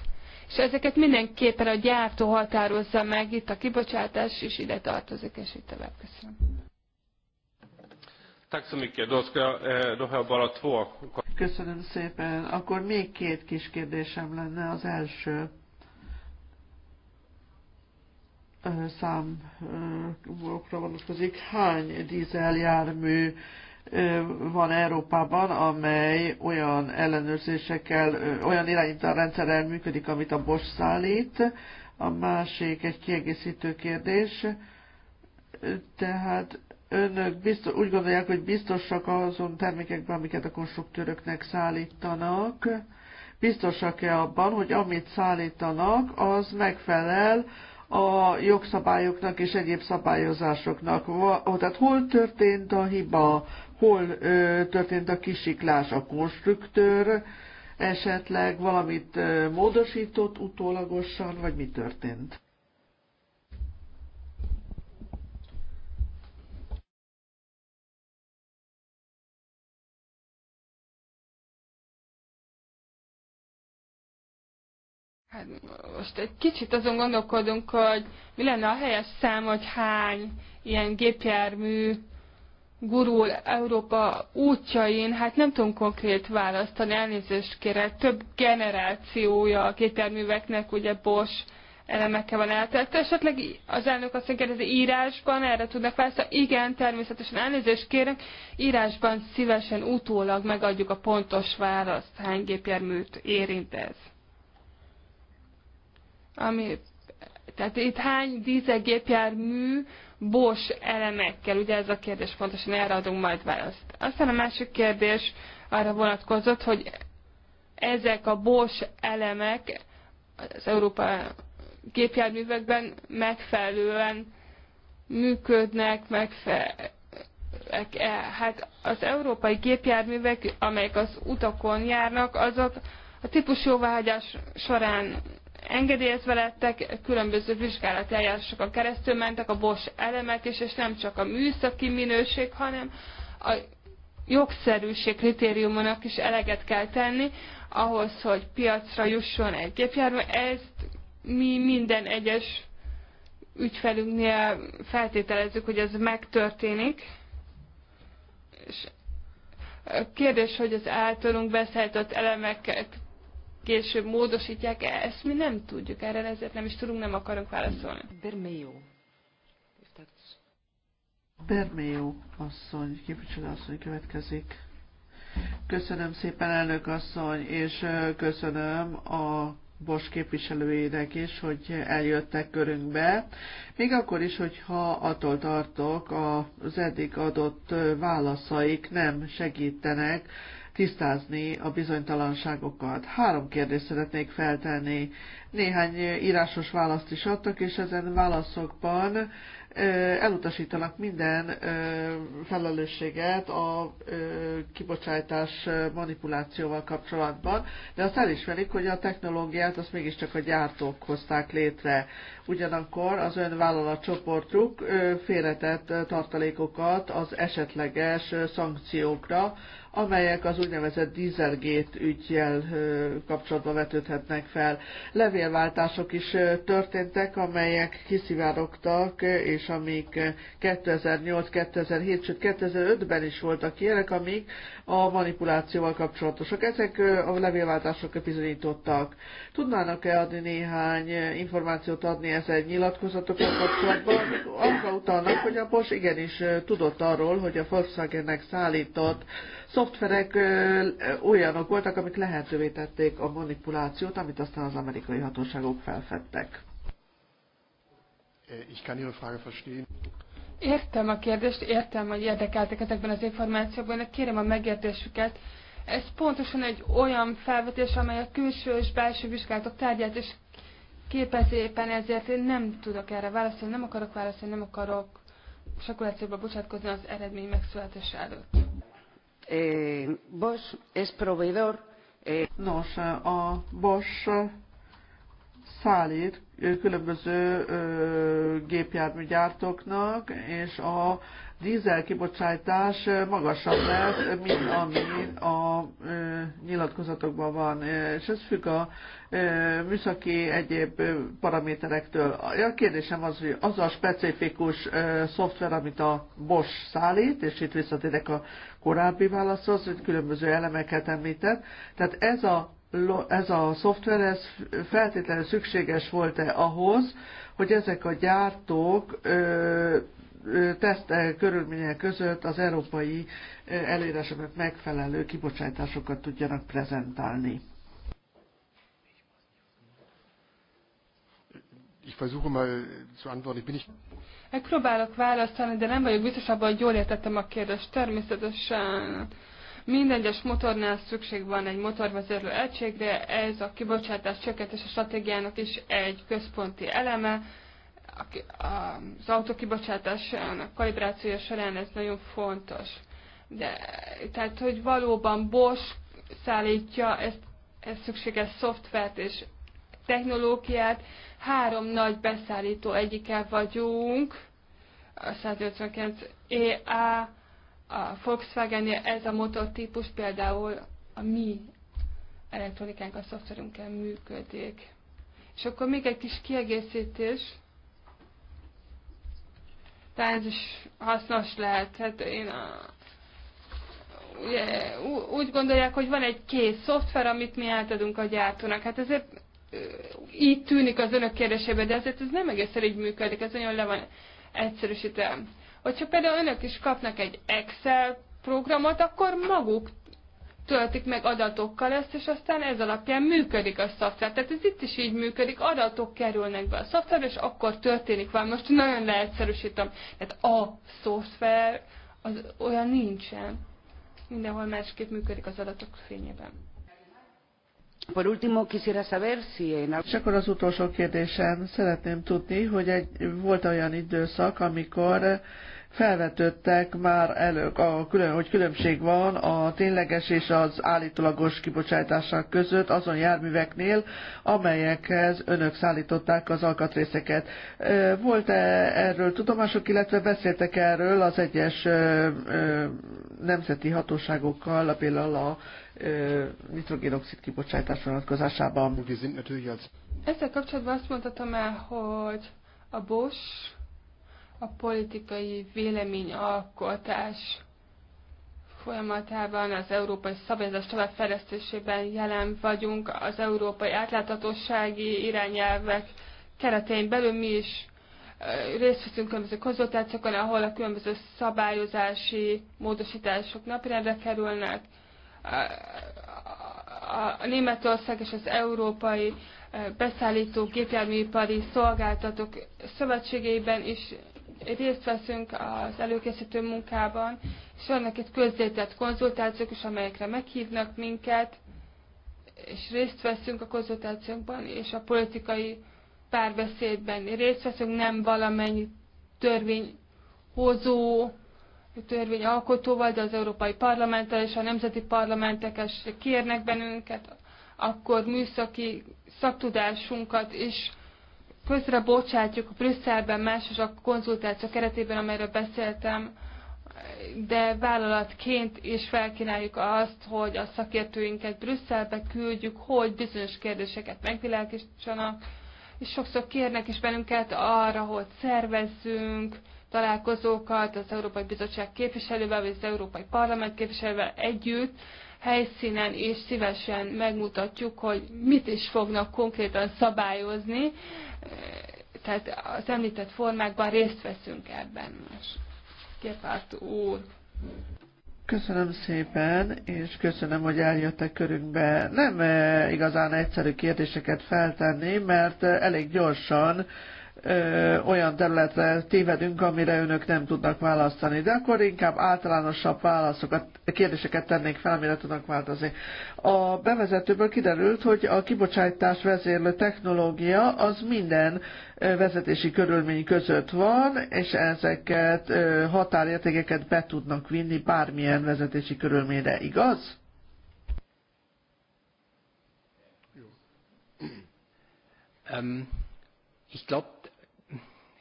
és ezeket mindenképpen a gyártó határozza meg, itt a kibocsátás is ide tartozik, és itt tovább. Köszönöm. Eh, Köszönöm szépen. Akkor még két kis kérdésem lenne. Az első eh, számokra eh, vonatkozik. Hány dízeljármű van Európában, amely olyan ellenőrzésekkel, olyan irányító rendszerrel működik, amit a Bosch szállít. A másik egy kiegészítő kérdés. Tehát önök biztos, úgy gondolják, hogy biztosak azon termékekben, amiket a konstruktőröknek szállítanak, biztosak-e abban, hogy amit szállítanak, az megfelel a jogszabályoknak és egyéb szabályozásoknak. Tehát hol történt a hiba, hol ö, történt a kisiklás, a konstruktőr esetleg valamit módosított utólagosan, vagy mi történt? Hát most egy kicsit azon gondolkodunk, hogy mi lenne a helyes szám, hogy hány ilyen gépjármű gurul Európa útjain, hát nem tudom konkrét választani, elnézést kérek, több generációja a gépjárműveknek, ugye Bosch elemekkel van eltelt. Esetleg az elnök azt kérdezi, írásban erre tudnak válaszolni? Igen, természetesen elnézést kérek, írásban szívesen utólag megadjuk a pontos választ, hány gépjárműt érint ez ami, tehát itt hány mű bos elemekkel, ugye ez a kérdés pontosan erre adunk majd választ. Aztán a másik kérdés arra vonatkozott, hogy ezek a bos elemek az Európa gépjárművekben megfelelően működnek, megfelelően hát az európai gépjárművek, amelyek az utakon járnak, azok a típusjóváhagyás során engedélyezve lettek, különböző vizsgálati eljárásokon keresztül mentek a BOS elemek is, és nem csak a műszaki minőség, hanem a jogszerűség kritériumonak is eleget kell tenni, ahhoz, hogy piacra jusson egy gépjármű. Ezt mi minden egyes ügyfelünknél feltételezzük, hogy ez megtörténik. És kérdés, hogy az általunk beszállított elemeket később módosítják -e? Ezt mi nem tudjuk, erre ezért nem is tudunk, nem akarunk válaszolni. Bermeo. Bermeo asszony, képviselő asszony következik. Köszönöm szépen, elnök asszony, és köszönöm a Bos képviselőjének is, hogy eljöttek körünkbe. Még akkor is, hogyha attól tartok, az eddig adott válaszaik nem segítenek tisztázni a bizonytalanságokat. Három kérdést szeretnék feltenni. Néhány írásos választ is adtak, és ezen válaszokban elutasítanak minden felelősséget a kibocsátás manipulációval kapcsolatban, de azt elismerik, hogy a technológiát azt mégiscsak a gyártók hozták létre. Ugyanakkor az önvállalat csoportjuk félretett tartalékokat az esetleges szankciókra, amelyek az úgynevezett Dieselgate ügyjel kapcsolatban vetődhetnek fel. Levélváltások is történtek, amelyek kiszivárogtak, és amik 2008-2007, sőt 2005-ben is voltak ilyenek, amik a manipulációval kapcsolatosak. Ezek a levélváltások bizonyítottak. Tudnának-e adni néhány információt adni ezen nyilatkozatokkal kapcsolatban? Arra utalnak, hogy a POS igenis tudott arról, hogy a Volkswagennek szállított szoftverek olyanok voltak, amik lehetővé tették a manipulációt, amit aztán az amerikai hatóságok felfedtek. Ich kann Ihre Frage verstehen. Értem a kérdést, értem, hogy érdekeltek ezekben az információkban, kérem a megértésüket. Ez pontosan egy olyan felvetés, amely a külső és belső vizsgálatok tárgyát is képezi éppen ezért én nem tudok erre válaszolni, nem akarok válaszolni, nem akarok spekulációba bocsátkozni az eredmény megszületése előtt. Bosch es proveedor. Eh... Nos, a Bosch szállít eh, különböző eh, gépjárműgyártóknak, és a dízel kibocsátás eh, magasabb lesz, mint ami a nyilatkozatokban van, és ez függ a műszaki egyéb paraméterektől. A kérdésem az, hogy az a specifikus szoftver, amit a Bosch szállít, és itt visszatérek a korábbi válaszhoz, hogy különböző elemeket említett. Tehát ez a, ez a szoftver, ez feltétlenül szükséges volt-e ahhoz, hogy ezek a gyártók ö, teszt körülmények között az európai elérésemet megfelelő kibocsátásokat tudjanak prezentálni. Ich versuche mal zu antworten. Ich bin nicht Megpróbálok válaszolni, de nem vagyok biztos abban, hogy jól értettem a kérdést. Természetesen minden egyes motornál szükség van egy motorvezérlő egységre, ez a kibocsátás csökkentése stratégiának is egy központi eleme. Az autó kalibrációja során ez nagyon fontos. De, tehát, hogy valóban Bosch szállítja ezt, ezt szükséges szoftvert és technológiát, három nagy beszállító egyike vagyunk, a 159 EA, a volkswagen ez a motortípus például a mi elektronikánk, a szoftverünkkel működik. És akkor még egy kis kiegészítés, talán ez is hasznos lehet. Hát én a, ugye, úgy gondolják, hogy van egy kész szoftver, amit mi átadunk a gyártónak. Hát ezért így tűnik az önök kérdésében, de azért ez nem egészen így működik, ez nagyon le van egyszerűsítve. Hogyha például önök is kapnak egy Excel programot, akkor maguk töltik meg adatokkal ezt, és aztán ez alapján működik a szoftver. Tehát ez itt is így működik, adatok kerülnek be a szoftver és akkor történik valami. Most nagyon leegyszerűsítem. Tehát a szoftver az olyan nincsen. Mindenhol másképp működik az adatok fényében. Por último, quisiera saber si en... És akkor az utolsó kérdésem szeretném tudni, hogy egy, volt olyan időszak, amikor felvetődtek már elők, a külön, hogy különbség van a tényleges és az állítólagos kibocsátások között azon járműveknél, amelyekhez önök szállították az alkatrészeket. Volt-e erről tudomások, illetve beszéltek erről az egyes nemzeti hatóságokkal, például a nitrogénoxid kibocsátás vonatkozásában. Ezzel kapcsolatban azt mondhatom el, hogy a Bosch a politikai véleményalkotás folyamatában, az európai szabályozás továbbfejlesztésében jelen vagyunk, az európai átláthatósági irányelvek keretein belül mi is részt veszünk különböző konzultációkon, ahol a különböző szabályozási módosítások napirendre kerülnek, a Németország és az Európai eh, Beszállító Gépjárműipari Szolgáltatók Szövetségeiben is részt veszünk az előkészítő munkában, és vannak itt közzétett konzultációk is, amelyekre meghívnak minket, és részt veszünk a konzultációkban, és a politikai párbeszédben részt veszünk, nem valamennyi törvényhozó törvényalkotóval, de az Európai Parlamenttel és a nemzeti parlamentekkel kérnek bennünket, akkor műszaki szaktudásunkat is közre bocsátjuk a Brüsszelben más és a konzultáció keretében, amelyről beszéltem, de vállalatként is felkínáljuk azt, hogy a szakértőinket Brüsszelbe küldjük, hogy bizonyos kérdéseket megvilágítsanak, és sokszor kérnek is bennünket arra, hogy szervezzünk, találkozókat az Európai Bizottság képviselővel, vagy az Európai Parlament képviselővel együtt, helyszínen és szívesen megmutatjuk, hogy mit is fognak konkrétan szabályozni, tehát az említett formákban részt veszünk ebben most. Képárt úr. Köszönöm szépen, és köszönöm, hogy eljöttek körünkbe. Nem eh, igazán egyszerű kérdéseket feltenni, mert eh, elég gyorsan ö, olyan területre tévedünk, amire önök nem tudnak választani. De akkor inkább általánosabb válaszokat, kérdéseket tennék fel, amire tudnak változni. A bevezetőből kiderült, hogy a kibocsátás vezérlő technológia az minden vezetési körülmény között van, és ezeket ö, határértékeket be tudnak vinni bármilyen vezetési körülményre, igaz? ich glaube,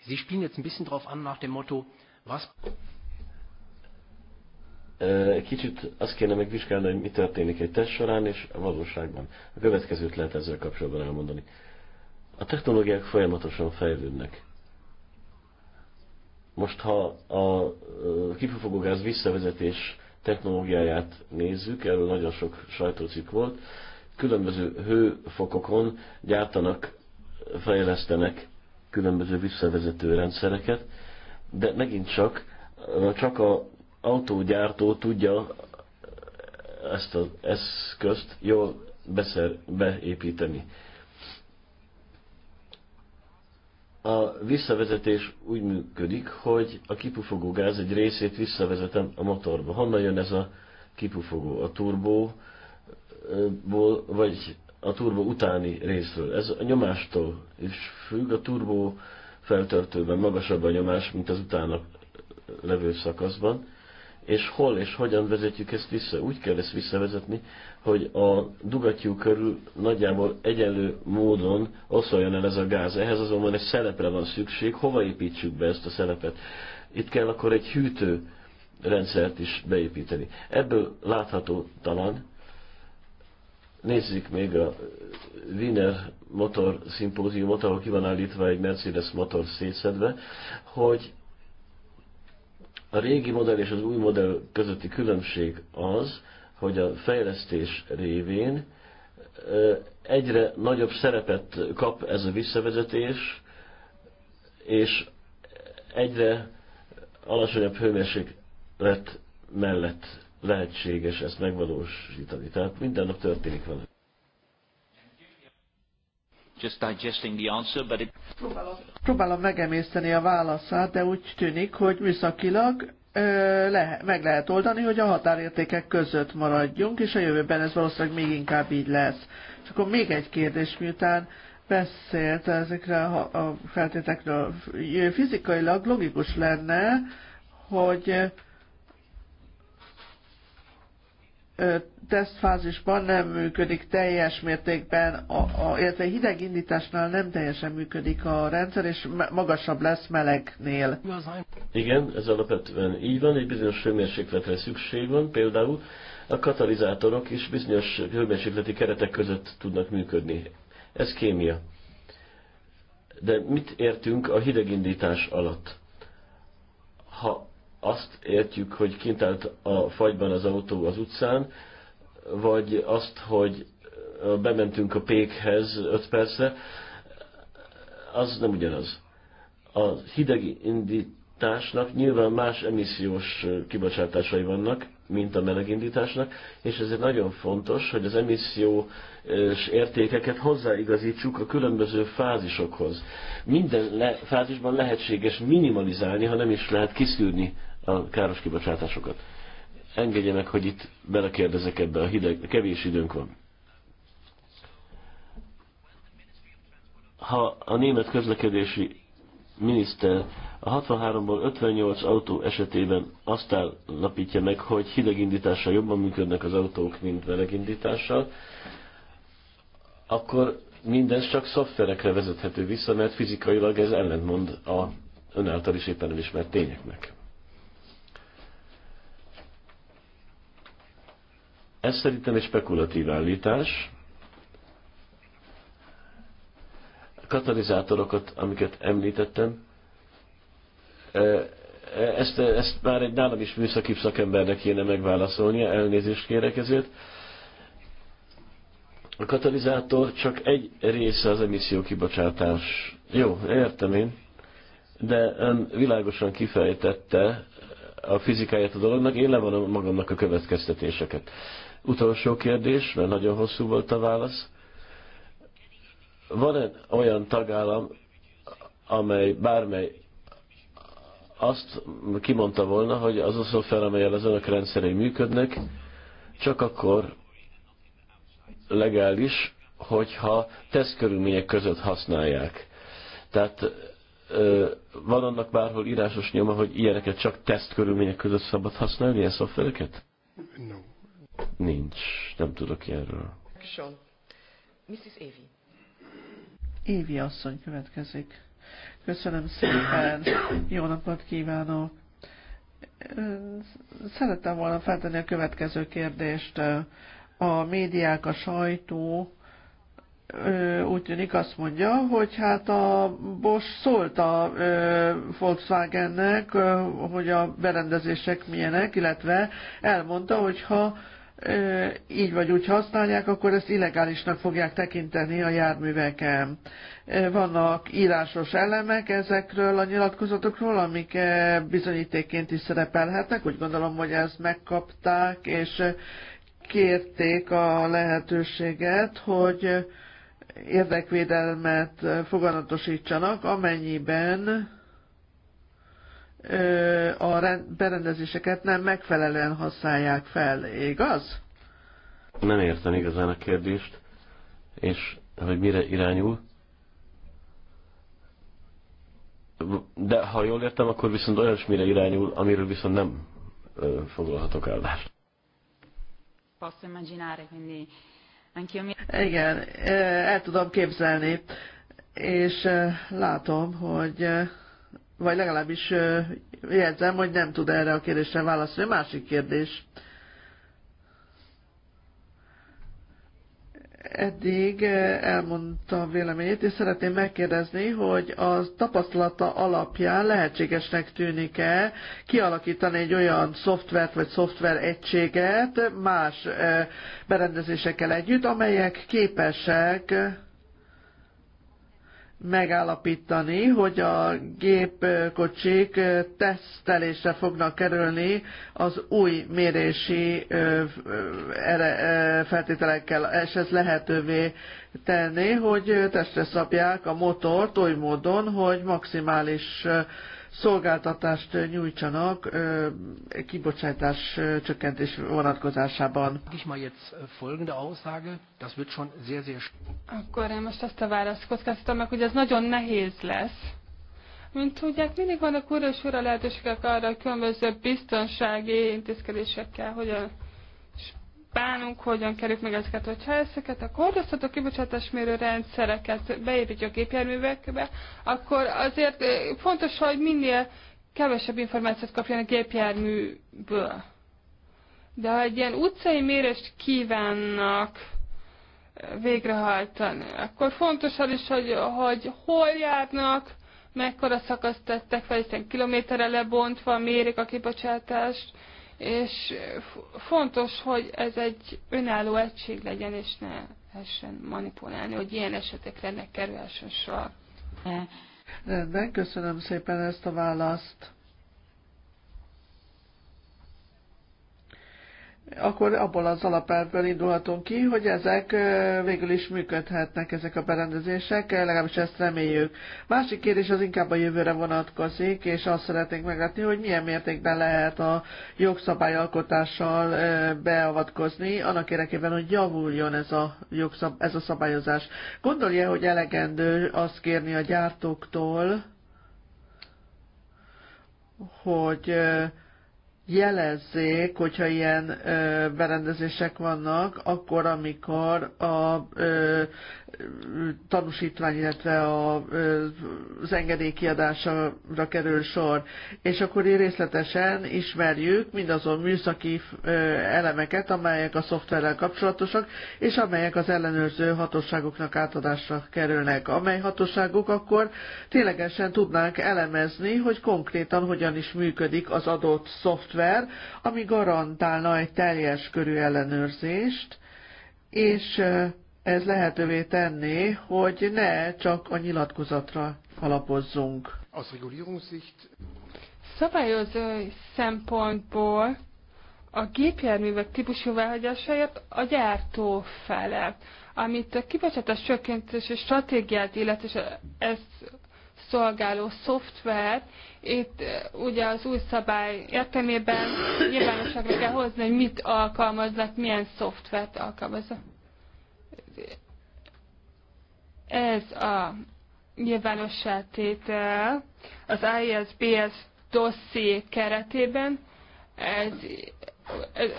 Sie spielen jetzt ein bisschen drauf an nach dem Motto, was... Kicsit azt kéne megvizsgálni, hogy mi történik egy test során és a valóságban. A következőt lehet ezzel kapcsolatban elmondani. A technológiák folyamatosan fejlődnek. Most, ha a kipufogógáz visszavezetés technológiáját nézzük, erről nagyon sok sajtócikk volt, különböző hőfokokon gyártanak, fejlesztenek különböző visszavezető rendszereket, de megint csak, csak a autógyártó tudja ezt az eszközt jól beszer, beépíteni. A visszavezetés úgy működik, hogy a kipufogó gáz egy részét visszavezetem a motorba. Honnan jön ez a kipufogó? A turbóból, vagy a turbo utáni részről. Ez a nyomástól is függ, a turbo feltöltőben magasabb a nyomás, mint az utána levő szakaszban, és hol és hogyan vezetjük ezt vissza. Úgy kell ezt visszavezetni, hogy a dugattyú körül nagyjából egyenlő módon oszoljon el ez a gáz. Ehhez azonban egy szelepre van szükség, hova építsük be ezt a szelepet. Itt kell akkor egy hűtő rendszert is beépíteni. Ebből látható talán, Nézzük még a Wiener motor szimpóziumot, ahol ki van állítva egy Mercedes motor szétszedve, hogy a régi modell és az új modell közötti különbség az, hogy a fejlesztés révén egyre nagyobb szerepet kap ez a visszavezetés, és egyre alacsonyabb hőmérséklet mellett lehetséges ezt megvalósítani. Tehát minden nap történik vele. Just digesting the answer, but it... próbálom, próbálom megemészteni a válaszát, de úgy tűnik, hogy visszakilag le, meg lehet oldani, hogy a határértékek között maradjunk, és a jövőben ez valószínűleg még inkább így lesz. És akkor még egy kérdés, miután beszélt ezekre a feltételekről. Fizikailag logikus lenne, hogy tesztfázisban nem működik teljes mértékben, a, a, illetve hideg indításnál nem teljesen működik a rendszer, és magasabb lesz melegnél. Igen, ez alapvetően így van, egy bizonyos hőmérsékletre szükség van, például a katalizátorok is bizonyos hőmérsékleti keretek között tudnak működni. Ez kémia. De mit értünk a hidegindítás alatt? Ha azt értjük, hogy kint állt a fagyban az autó az utcán, vagy azt, hogy bementünk a pékhez öt percre, az nem ugyanaz. A hideg indításnak nyilván más emissziós kibocsátásai vannak, mint a meleg indításnak, és ezért nagyon fontos, hogy az emissziós értékeket hozzáigazítsuk a különböző fázisokhoz. Minden le, fázisban lehetséges minimalizálni, ha nem is lehet kiszűrni a káros kibocsátásokat. Engedje meg, hogy itt belekérdezek ebbe a hideg, kevés időnk van. Ha a német közlekedési miniszter a 63-ból 58 autó esetében azt állapítja meg, hogy hidegindítással jobban működnek az autók, mint melegindítással, akkor mindez csak szoftverekre vezethető vissza, mert fizikailag ez ellentmond a ön által is éppen elismert tényeknek. Ez szerintem egy spekulatív állítás. A katalizátorokat, amiket említettem, e, e, ezt, e, ezt már egy nálam is műszaki szakembernek kéne megválaszolnia, elnézést kérek ezért. A katalizátor csak egy része az emisszió kibocsátás. Jó, értem én, de ön világosan kifejtette a fizikáját a dolognak, én levonom magamnak a következtetéseket. Utolsó kérdés, mert nagyon hosszú volt a válasz. Van-e olyan tagállam, amely bármely azt kimondta volna, hogy az a szoftver, amelyel az önök rendszerei működnek, csak akkor legális, hogyha tesztkörülmények között használják. Tehát van annak bárhol írásos nyoma, hogy ilyeneket csak tesztkörülmények között szabad használni, ilyen szoftvereket? No. Nincs, nem tudok erről. Sean. Mrs. Évi. Évi asszony következik. Köszönöm szépen, jó napot kívánok! Szerettem volna feltenni a következő kérdést. A médiák, a sajtó úgy tűnik azt mondja, hogy hát a Bosch szólt a Volkswagennek, hogy a berendezések milyenek, illetve elmondta, hogy ha így vagy úgy használják, akkor ezt illegálisnak fogják tekinteni a járműveken. Vannak írásos elemek ezekről a nyilatkozatokról, amik bizonyítéként is szerepelhetnek. Úgy gondolom, hogy ezt megkapták, és kérték a lehetőséget, hogy érdekvédelmet foganatosítsanak, amennyiben a berendezéseket nem megfelelően használják fel, igaz? Nem értem igazán a kérdést, és hogy mire irányul. De ha jól értem, akkor viszont olyan mire irányul, amiről viszont nem foglalhatok állást. Posso immaginare, quindi anch'io mi... Igen, el tudom képzelni, és látom, hogy vagy legalábbis jegyzem, hogy nem tud erre a kérdésre válaszolni. Másik kérdés. Eddig elmondta véleményét, és szeretném megkérdezni, hogy a tapasztalata alapján lehetségesnek tűnik-e kialakítani egy olyan szoftvert vagy szoftver egységet más berendezésekkel együtt, amelyek képesek megállapítani, hogy a gépkocsik tesztelésre fognak kerülni az új mérési feltételekkel, és ez lehetővé tenni, hogy testre szabják a motort oly módon, hogy maximális szolgáltatást nyújtsanak kibocsátás csökkentés vonatkozásában. Äh, Akkor én most ezt a választ kockáztatom meg, hogy ez nagyon nehéz lesz. Mint tudják, mindig vannak újra és újra lehetőségek arra, hogy különböző biztonsági intézkedésekkel a bánunk, hogyan kerüljük meg ezeket, hogyha ezeket a hordozható kibocsátásmérő rendszereket beépítjük a gépjárművekbe, akkor azért eh, fontos, hogy minél kevesebb információt kapjon a gépjárműből. De ha egy ilyen utcai mérést kívánnak eh, végrehajtani, akkor fontos az is, hogy, hogy hol járnak, mekkora szakaszt tettek fel, hiszen kilométerre lebontva mérik a kibocsátást, és fontos, hogy ez egy önálló egység legyen, és ne lehessen manipulálni, hogy ilyen esetekre ne kerülhessen sor. Rendben, köszönöm szépen ezt a választ. akkor abból az alapelvből indulhatunk ki, hogy ezek végül is működhetnek, ezek a berendezések, legalábbis ezt reméljük. Másik kérdés az inkább a jövőre vonatkozik, és azt szeretnénk meglátni, hogy milyen mértékben lehet a jogszabályalkotással beavatkozni, annak érdekében, hogy javuljon ez a, jogszab- ez a szabályozás. Gondolja, hogy elegendő azt kérni a gyártóktól, hogy jelezzék, hogyha ilyen ö, berendezések vannak, akkor, amikor a ö, tanúsítvány, illetve a, az engedély kiadására kerül sor. És akkor így részletesen ismerjük mindazon műszaki elemeket, amelyek a szoftverrel kapcsolatosak, és amelyek az ellenőrző hatóságoknak átadásra kerülnek. Amely hatóságok akkor ténylegesen tudnánk elemezni, hogy konkrétan hogyan is működik az adott szoftver, ami garantálna egy teljes körű ellenőrzést, és ez lehetővé tenni, hogy ne csak a nyilatkozatra alapozzunk. Szabályozói szempontból a gépjárművek típusú válhagyásáért a gyártó fele, Amit a kibocsátás csökkentési stratégiát, illetve ezt szolgáló szoftver, itt eh, ugye az új szabály értelmében nyilvánosságra kell hozni, hogy mit alkalmaznak, milyen szoftvert alkalmaznak ez a nyilvánossá tétel az ISBS dosszié keretében, ez,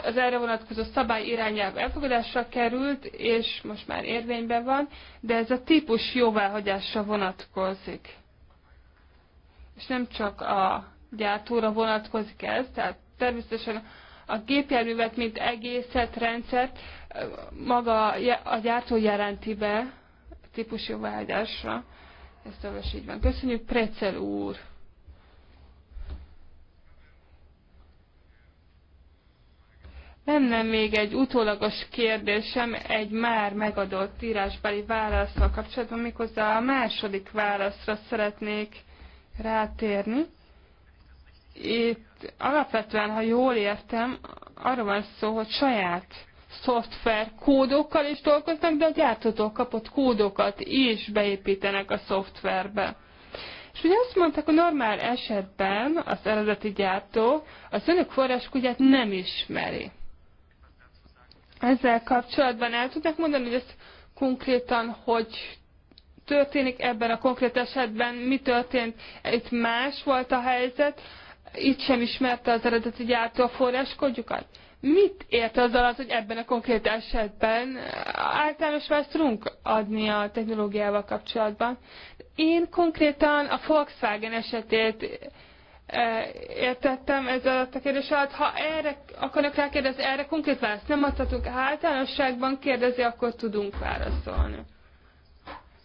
az erre vonatkozó szabály irányába elfogadásra került, és most már érvényben van, de ez a típus jóváhagyásra vonatkozik. És nem csak a gyártóra vonatkozik ez, tehát természetesen a gépjárművet, mint egészet, rendszert maga a gyártó jelenti be típusú vágyásra. Ezt olvas így van. Köszönjük, Precel úr! Lenne még egy utólagos kérdésem egy már megadott írásbeli válaszsal kapcsolatban, méghozzá a második válaszra szeretnék rátérni. Itt alapvetően, ha jól értem, arról van szó, hogy saját szoftver kódokkal is dolgoznak, de a gyártótól kapott kódokat is beépítenek a szoftverbe. És ugye azt mondták, hogy normál esetben az eredeti gyártó az önök forráskódját nem ismeri. Ezzel kapcsolatban el tudnak mondani, hogy ez konkrétan hogy történik ebben a konkrét esetben, mi történt, itt más volt a helyzet, itt sem ismerte az eredeti gyártó a forráskodjukat? Mit ért az alatt, hogy ebben a konkrét esetben általános választ tudunk adni a technológiával kapcsolatban? Én konkrétan a Volkswagen esetét eh, értettem ez alatt a kérdés alatt. Ha erre akarnak rákérdezni, erre konkrét választ nem adhatunk. Ha általánosságban kérdezi, akkor tudunk válaszolni.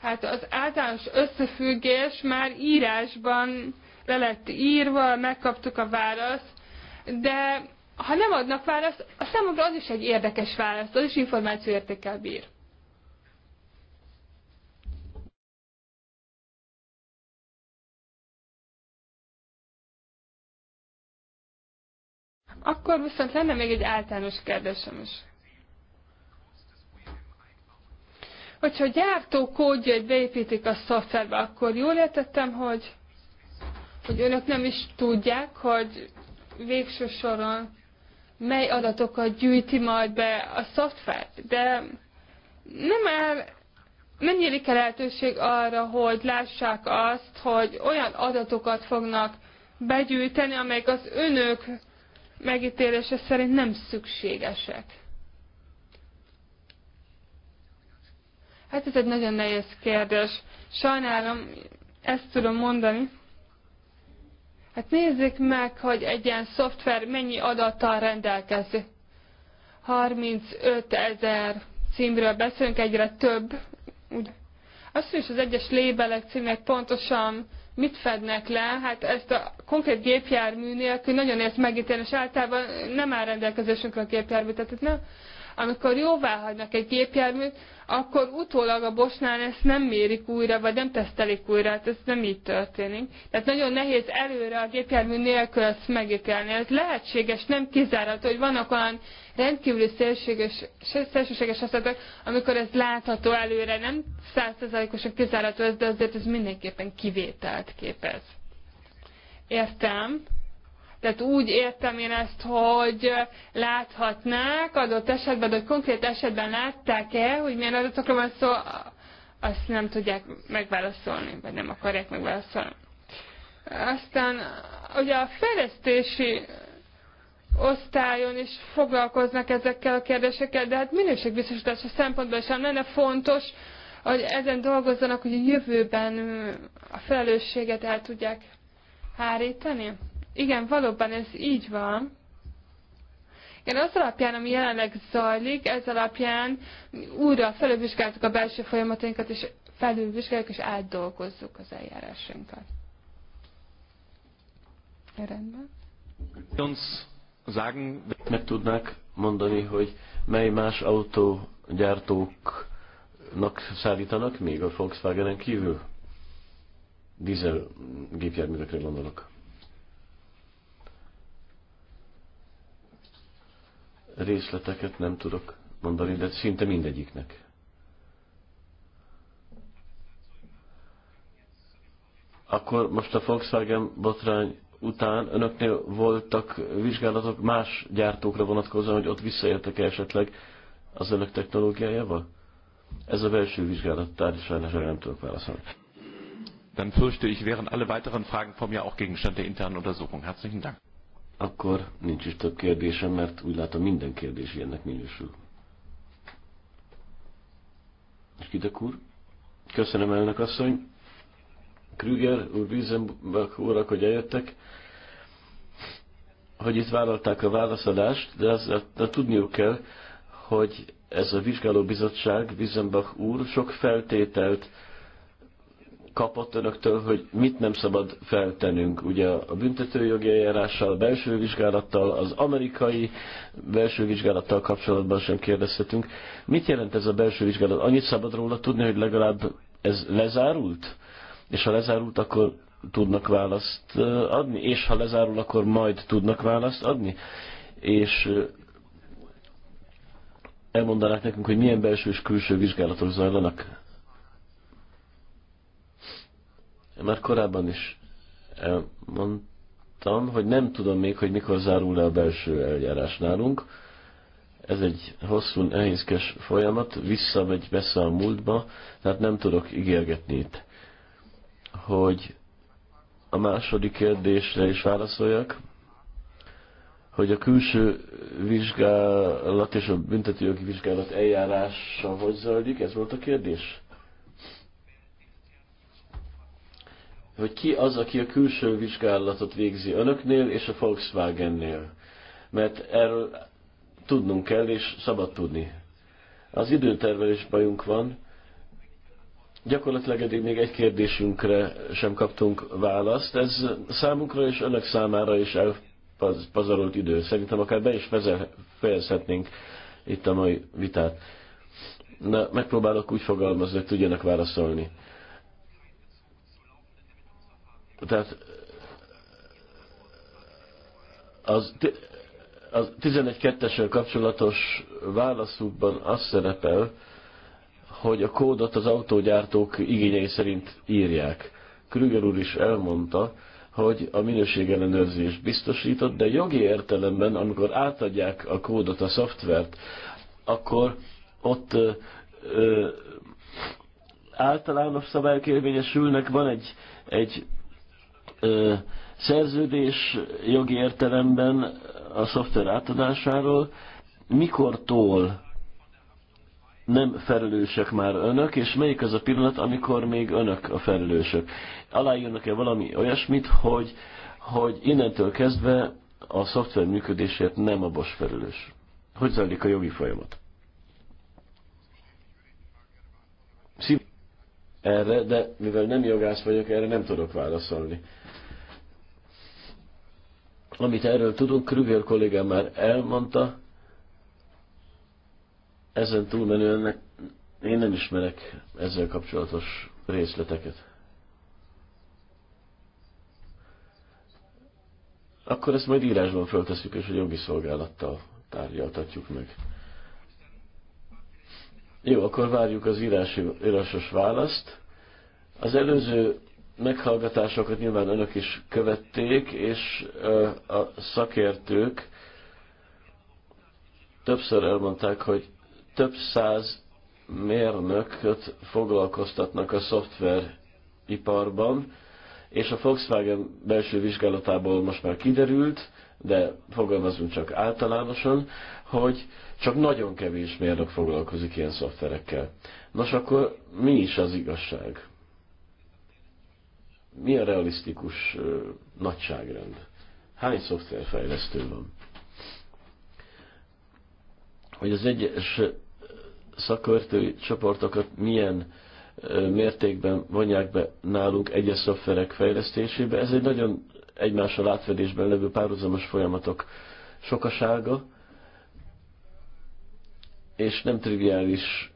Hát az általános összefüggés már írásban le lett írva, megkaptuk a választ, de ha nem adnak választ, a számomra az is egy érdekes válasz, az is információértékkel bír. Akkor viszont lenne még egy általános kérdésem is. Hogyha a gyártó kódjait beépítik a szoftverbe, akkor jól értettem, hogy, hogy önök nem is tudják, hogy végső soron mely adatokat gyűjti majd be a szoftver, de nem el, nem nyílik el lehetőség arra, hogy lássák azt, hogy olyan adatokat fognak begyűjteni, amelyek az önök megítélése szerint nem szükségesek. Hát ez egy nagyon nehéz kérdés. Sajnálom, ezt tudom mondani. Hát nézzük meg, hogy egy ilyen szoftver mennyi adattal rendelkezik. 35 ezer címről beszélünk, egyre több. Ugye? Azt is az egyes lébelek címek pontosan mit fednek le, hát ezt a konkrét gépjármű nélkül nagyon ezt megítélni, és általában nem áll rendelkezésünkre a gépjármű, tehát nem, amikor jóvá hagynak egy gépjárműt, akkor utólag a Bosnál ezt nem mérik újra, vagy nem tesztelik újra, hát ez nem így történik. Tehát nagyon nehéz előre a gépjármű nélkül ezt megítélni. Ez lehetséges, nem kizárat, hogy vannak olyan rendkívüli szélséges, szélsőséges esetek, amikor ez látható előre, nem százszerzalékosan kizárató ez, de azért ez mindenképpen kivételt képez. Értem, tehát úgy értem én ezt, hogy láthatnák adott esetben, vagy hogy konkrét esetben látták-e, hogy milyen adatokról van szó, azt nem tudják megválaszolni, vagy nem akarják megválaszolni. Aztán ugye a fejlesztési osztályon is foglalkoznak ezekkel a kérdésekkel, de hát minőségbiztosítása szempontból sem lenne fontos, hogy ezen dolgozzanak, hogy a jövőben a felelősséget el tudják hárítani. Igen, valóban ez így van. Igen, az alapján, ami jelenleg zajlik, ez alapján újra felülvizsgáltuk a belső folyamatainkat, és felülvizsgáljuk, és átdolgozzuk az eljárásunkat. Rendben. Meg tudnák mondani, hogy mely más autógyártóknak szállítanak még a Volkswagenen kívül? Dízel gépjárművekre gondolok. részleteket nem tudok mondani, de szinte mindegyiknek. Akkor most a Volkswagen botrány után önöknél voltak vizsgálatok más gyártókra vonatkozóan, hogy ott visszaértek -e esetleg az önök technológiájával? Ez a belső vizsgálat tárgyasajnos nem tudok válaszolni. Dann fürchte ich, wären alle weiteren Fragen von mir auch Gegenstand der internen Untersuchung. Herzlichen Dank. Akkor nincs is több kérdésem, mert úgy látom minden kérdés ilyennek minősül. És Kidek úr? Köszönöm elnök asszony. Krüger úr, Wiesenbach úrak, hogy eljöttek hogy itt vállalták a válaszadást, de azt de tudniuk kell, hogy ez a vizsgálóbizottság, Wiesenbach úr sok feltételt kapott önöktől, hogy mit nem szabad feltenünk. Ugye a büntetőjogi eljárással, a belső vizsgálattal, az amerikai belső vizsgálattal kapcsolatban sem kérdezhetünk. Mit jelent ez a belső vizsgálat? Annyit szabad róla tudni, hogy legalább ez lezárult? És ha lezárult, akkor tudnak választ adni? És ha lezárul, akkor majd tudnak választ adni? És elmondanák nekünk, hogy milyen belső és külső vizsgálatok zajlanak Már korábban is elmondtam, hogy nem tudom még, hogy mikor zárul le a belső eljárás nálunk. Ez egy hosszú, nehézkes folyamat, visszamegy vissza a múltba, tehát nem tudok ígérgetni itt, hogy a második kérdésre is válaszoljak, hogy a külső vizsgálat és a büntetőjogi vizsgálat eljárása hogy zajlik, ez volt a kérdés? hogy ki az, aki a külső vizsgálatot végzi önöknél és a Volkswagennél. Mert erről tudnunk kell, és szabad tudni. Az időtervelés bajunk van. Gyakorlatilag eddig még egy kérdésünkre sem kaptunk választ. Ez számunkra és önök számára is elpazarolt idő. Szerintem akár be is fejezhetnénk itt a mai vitát. Na, megpróbálok úgy fogalmazni, hogy tudjanak válaszolni. Tehát az, az 112 2 kapcsolatos válaszukban az szerepel, hogy a kódot az autógyártók igényei szerint írják. Krüger úr is elmondta, hogy a minőségellenőrzés biztosított, de jogi értelemben, amikor átadják a kódot, a szoftvert, akkor ott ö, ö, általános szabályok érvényesülnek, van egy, egy szerződés jogi értelemben a szoftver átadásáról, mikortól nem felelősek már önök, és melyik az a pillanat, amikor még önök a felelősök? Aláírnak-e valami olyasmit, hogy, hogy innentől kezdve a szoftver működését nem a BOS felelős? Hogy zajlik a jogi folyamat? Szív erre, de mivel nem jogász vagyok, erre nem tudok válaszolni. Amit erről tudunk, Krüger kollégám már elmondta, ezen túlmenően én nem ismerek ezzel kapcsolatos részleteket. Akkor ezt majd írásban föltesszük, és a jogi szolgálattal tárgyaltatjuk meg. Jó, akkor várjuk az írás, írásos választ. Az előző meghallgatásokat nyilván önök is követték, és a szakértők többször elmondták, hogy több száz mérnököt foglalkoztatnak a szoftveriparban, és a Volkswagen belső vizsgálatából most már kiderült, de fogalmazunk csak általánosan, hogy csak nagyon kevés mérnök foglalkozik ilyen szoftverekkel. Nos, akkor mi is az igazság? Mi a realisztikus nagyságrend? Hány szoftverfejlesztő van? Hogy az egyes szakértői csoportokat milyen mértékben vonják be nálunk egyes szoftverek fejlesztésébe. Ez egy nagyon egymással átfedésben levő párhuzamos folyamatok sokasága, és nem triviális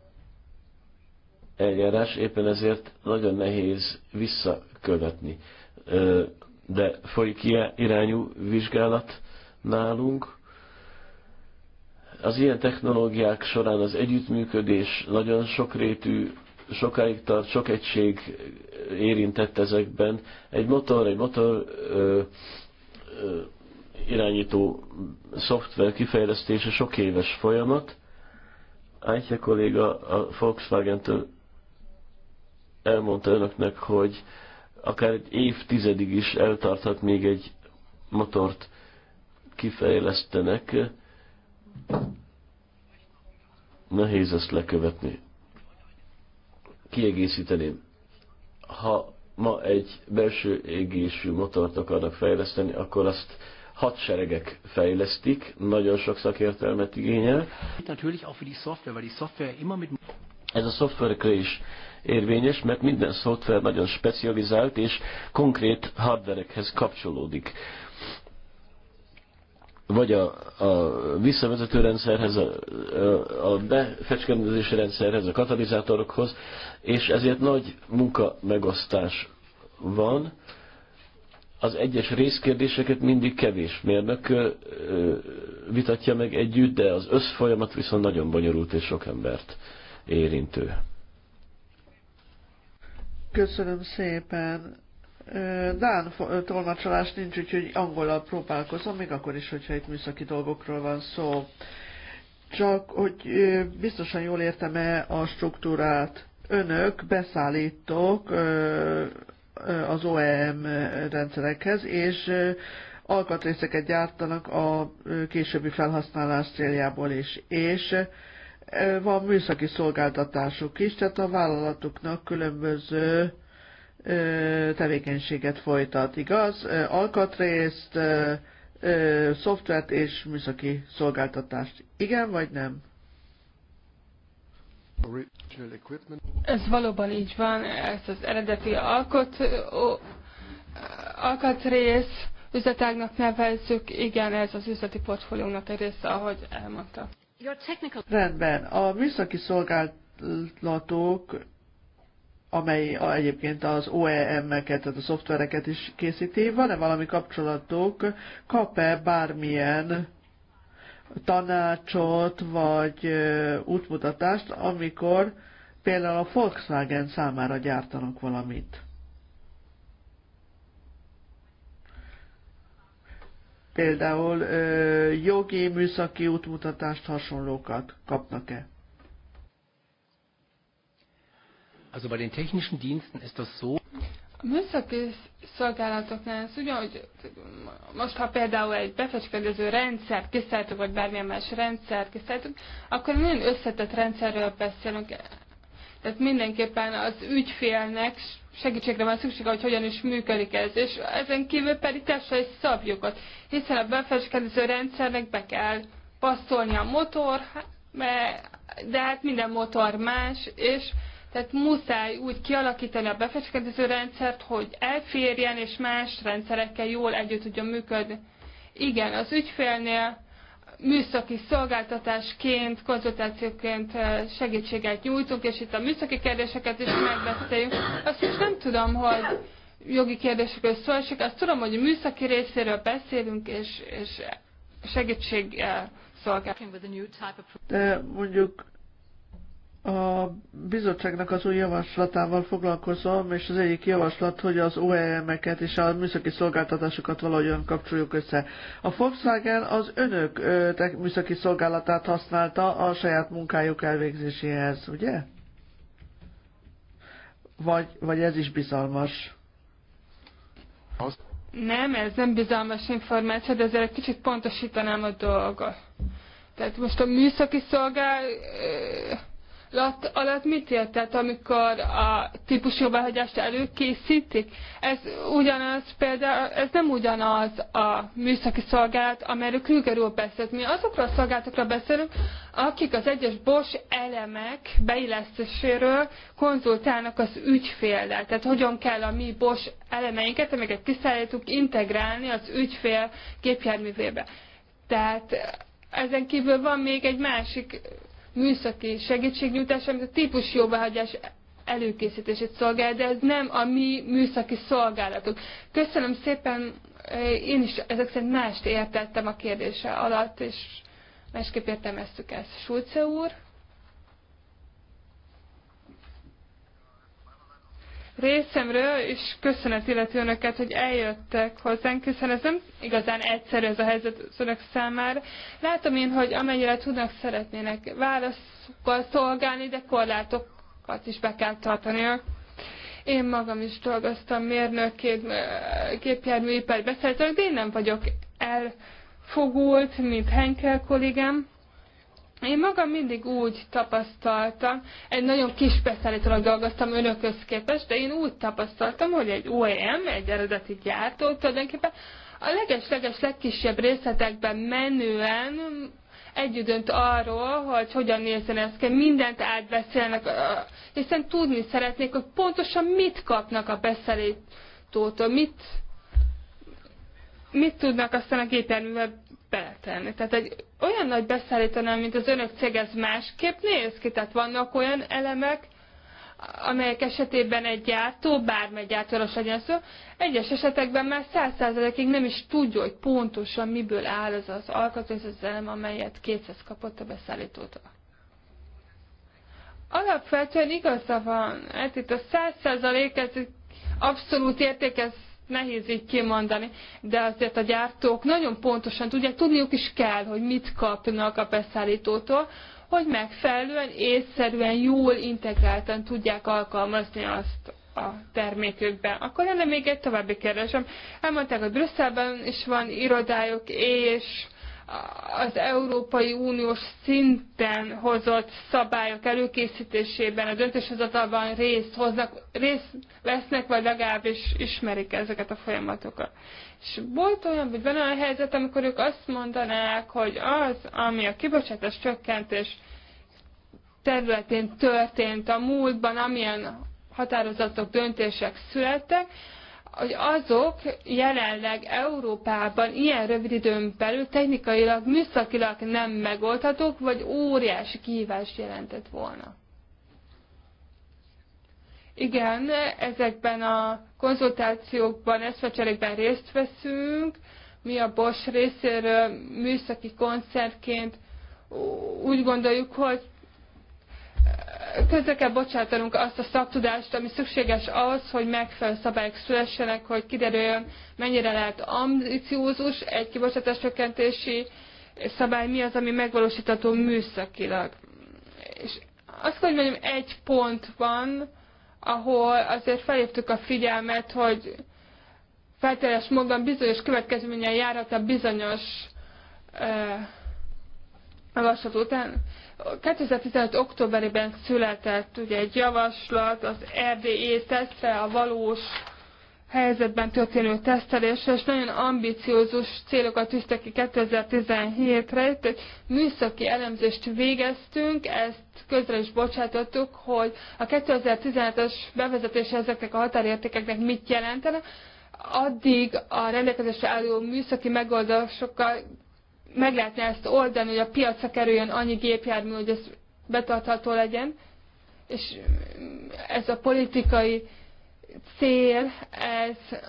eljárás, éppen ezért nagyon nehéz visszakövetni. De folyik ilyen irányú vizsgálat nálunk. Az ilyen technológiák során az együttműködés nagyon sokrétű, sokáig tart, sok egység érintett ezekben. Egy motor, egy motor ö, ö, irányító szoftver kifejlesztése sok éves folyamat, Ájtje kolléga a Volkswagen-től elmondta önöknek, hogy akár egy évtizedig is eltarthat még egy motort kifejlesztenek. Nehéz ezt lekövetni. Kiegészíteném. Ha ma egy belső égésű motort akarnak fejleszteni, akkor azt hadseregek fejlesztik, nagyon sok szakértelmet igényel. Ez a szoftverekre is érvényes, mert minden szoftver nagyon specializált és konkrét hardverekhez kapcsolódik. Vagy a, a visszavezető rendszerhez, a, a befecskendezési rendszerhez, a katalizátorokhoz, és ezért nagy munka megosztás van az egyes részkérdéseket mindig kevés mérnök vitatja meg együtt, de az összfolyamat viszont nagyon bonyolult és sok embert érintő. Köszönöm szépen. Dán tolmácsolás nincs, úgyhogy angolal próbálkozom, még akkor is, hogyha itt műszaki dolgokról van szó. Csak, hogy biztosan jól értem-e a struktúrát. Önök beszállítók, az OEM rendszerekhez, és alkatrészeket gyártanak a későbbi felhasználás céljából is, és van műszaki szolgáltatásuk is, tehát a vállalatoknak különböző tevékenységet folytat, igaz? Alkatrészt, szoftvert és műszaki szolgáltatást. Igen vagy nem? Ez valóban így van, ez az eredeti alkot, ó, alkatrész, üzletágnak nevezzük, igen, ez az üzleti portfóliónak egy része, ahogy elmondta. Technical... Rendben, a műszaki szolgálatok amely a egyébként az OEM-eket, tehát a szoftvereket is készíti, van-e valami kapcsolatok, kap-e bármilyen tanácsot vagy útmutatást, amikor például a Volkswagen számára gyártanak valamit. Például jogi, műszaki útmutatást, hasonlókat kapnak-e? Also bei den technischen Diensten ist das so. A műszaki szolgálatoknál. Ez ugyanúgy, most ha például egy befecskedező rendszer kiszálltuk, vagy bármilyen más rendszer kiszálltuk, akkor nagyon összetett rendszerről beszélünk. Tehát mindenképpen az ügyfélnek segítségre van szüksége, hogy hogyan is működik ez, és ezen kívül pedig tesse egy szabjukat, hiszen a befecskedező rendszernek be kell passzolni a motor, hát, de hát minden motor más, és tehát muszáj úgy kialakítani a befektető rendszert, hogy elférjen és más rendszerekkel jól együtt tudjon működni. Igen, az ügyfélnél műszaki szolgáltatásként, konzultációként eh, segítséget nyújtunk, és itt a műszaki kérdéseket is megbeszéljük. Azt is nem tudom, hogy jogi kérdésekről szól, csak azt tudom, hogy a műszaki részéről beszélünk, és, és segítség szolgál. Mondjuk a bizottságnak az új javaslatával foglalkozom, és az egyik javaslat, hogy az OEM-eket és a műszaki szolgáltatásokat valahogyan kapcsoljuk össze. A Volkswagen az önök műszaki szolgálatát használta a saját munkájuk elvégzéséhez, ugye? Vagy, vagy ez is bizalmas? Nem, ez nem bizalmas információ, de ezzel egy kicsit pontosítanám a dolgot. Tehát most a műszaki szolgál alatt, alatt mit értett, amikor a típusjóváhagyást előkészítik? Ez ugyanaz, például ez nem ugyanaz a műszaki szolgálat, amelyről Krüger beszélt. Mi azokról a szolgálatokról beszélünk, akik az egyes bors elemek beillesztéséről konzultálnak az ügyféllel. Tehát hogyan kell a mi bors elemeinket, amiket kiszállítunk, integrálni az ügyfél képjárművébe. Tehát ezen kívül van még egy másik műszaki segítségnyújtás, amit a típus jóváhagyás előkészítését szolgál, de ez nem a mi műszaki szolgálatunk. Köszönöm szépen, eh, én is ezek szerint mást értettem a kérdése alatt, és másképp értelmeztük ezt. Sulce úr? részemről, és köszönet illeti önöket, hogy eljöttek hozzánk, hiszen ez nem igazán egyszerű ez a helyzet az önök számára. Látom én, hogy amennyire tudnak, szeretnének válaszokkal szolgálni, de korlátokat is be kell tartani. Én magam is dolgoztam mérnökként, gépjárműipar beszéltek, de én nem vagyok elfogult, mint Henkel kollégám. Én magam mindig úgy tapasztaltam, egy nagyon kis beszállítólag dolgoztam önökhöz képest, de én úgy tapasztaltam, hogy egy OEM, egy eredeti gyártó tulajdonképpen a leges-leges legkisebb részletekben menően együtt dönt arról, hogy hogyan nézzen ezt ki, mindent átbeszélnek, hiszen tudni szeretnék, hogy pontosan mit kapnak a beszállítótól, mit, mit tudnak aztán a gépjárművel beletenni. Tehát egy olyan nagy beszállítanám, mint az önök cég, ez másképp néz ki. Tehát vannak olyan elemek, amelyek esetében egy gyártó, bármely gyártóra legyen szó, egyes esetekben már száz százalékig nem is tudja, hogy pontosan miből áll az az alkatrész, az elem, amelyet kétszer kapott a beszállítótól. Alapvetően igaza van, hát itt a száz százalék, ez abszolút érték, ez nehéz így kimondani, de azért a gyártók nagyon pontosan tudják, tudniuk is kell, hogy mit kapnak a beszállítótól, hogy megfelelően, észszerűen, jól integráltan tudják alkalmazni azt a termékükben. Akkor lenne még egy további kérdésem. Elmondták, hogy Brüsszelben is van irodájuk, és az Európai Uniós szinten hozott szabályok előkészítésében, a döntéshozatalban részt hoznak, részt vesznek, vagy legalábbis ismerik ezeket a folyamatokat. És volt olyan, hogy van olyan helyzet, amikor ők azt mondanák, hogy az, ami a kibocsátás csökkentés területén történt a múltban, amilyen határozatok, döntések születtek, hogy azok jelenleg Európában ilyen rövid időn belül technikailag, műszakilag nem megoldhatók, vagy óriási kihívást jelentett volna. Igen, ezekben a konzultációkban, eszmecserékben részt veszünk, mi a Bosch részéről műszaki koncertként úgy gondoljuk, hogy közre kell bocsátanunk azt a szaktudást, ami szükséges ahhoz, hogy megfelelő szabályok szülessenek, hogy kiderüljön, mennyire lehet ambiciózus egy kibocsátás csökkentési szabály, mi az, ami megvalósítható műszakilag. És azt hogy mondjam, egy pont van, ahol azért felhívtuk a figyelmet, hogy feltételes módon bizonyos következménye járhat a bizonyos eh, javaslat után. 2015. októberében született ugye egy javaslat az RDE tesztre, a valós helyzetben történő tesztelésre, és nagyon ambiciózus célokat tűzte ki 2017-re. Itt egy műszaki elemzést végeztünk, ezt közre is bocsátottuk, hogy a 2017-es bevezetése ezeknek a határértékeknek mit jelentene. Addig a rendelkezésre álló műszaki megoldásokkal meg lehetne ezt oldani, hogy a piacra kerüljön annyi gépjármű, hogy ez betartható legyen, és mm, ez a politikai cél, ez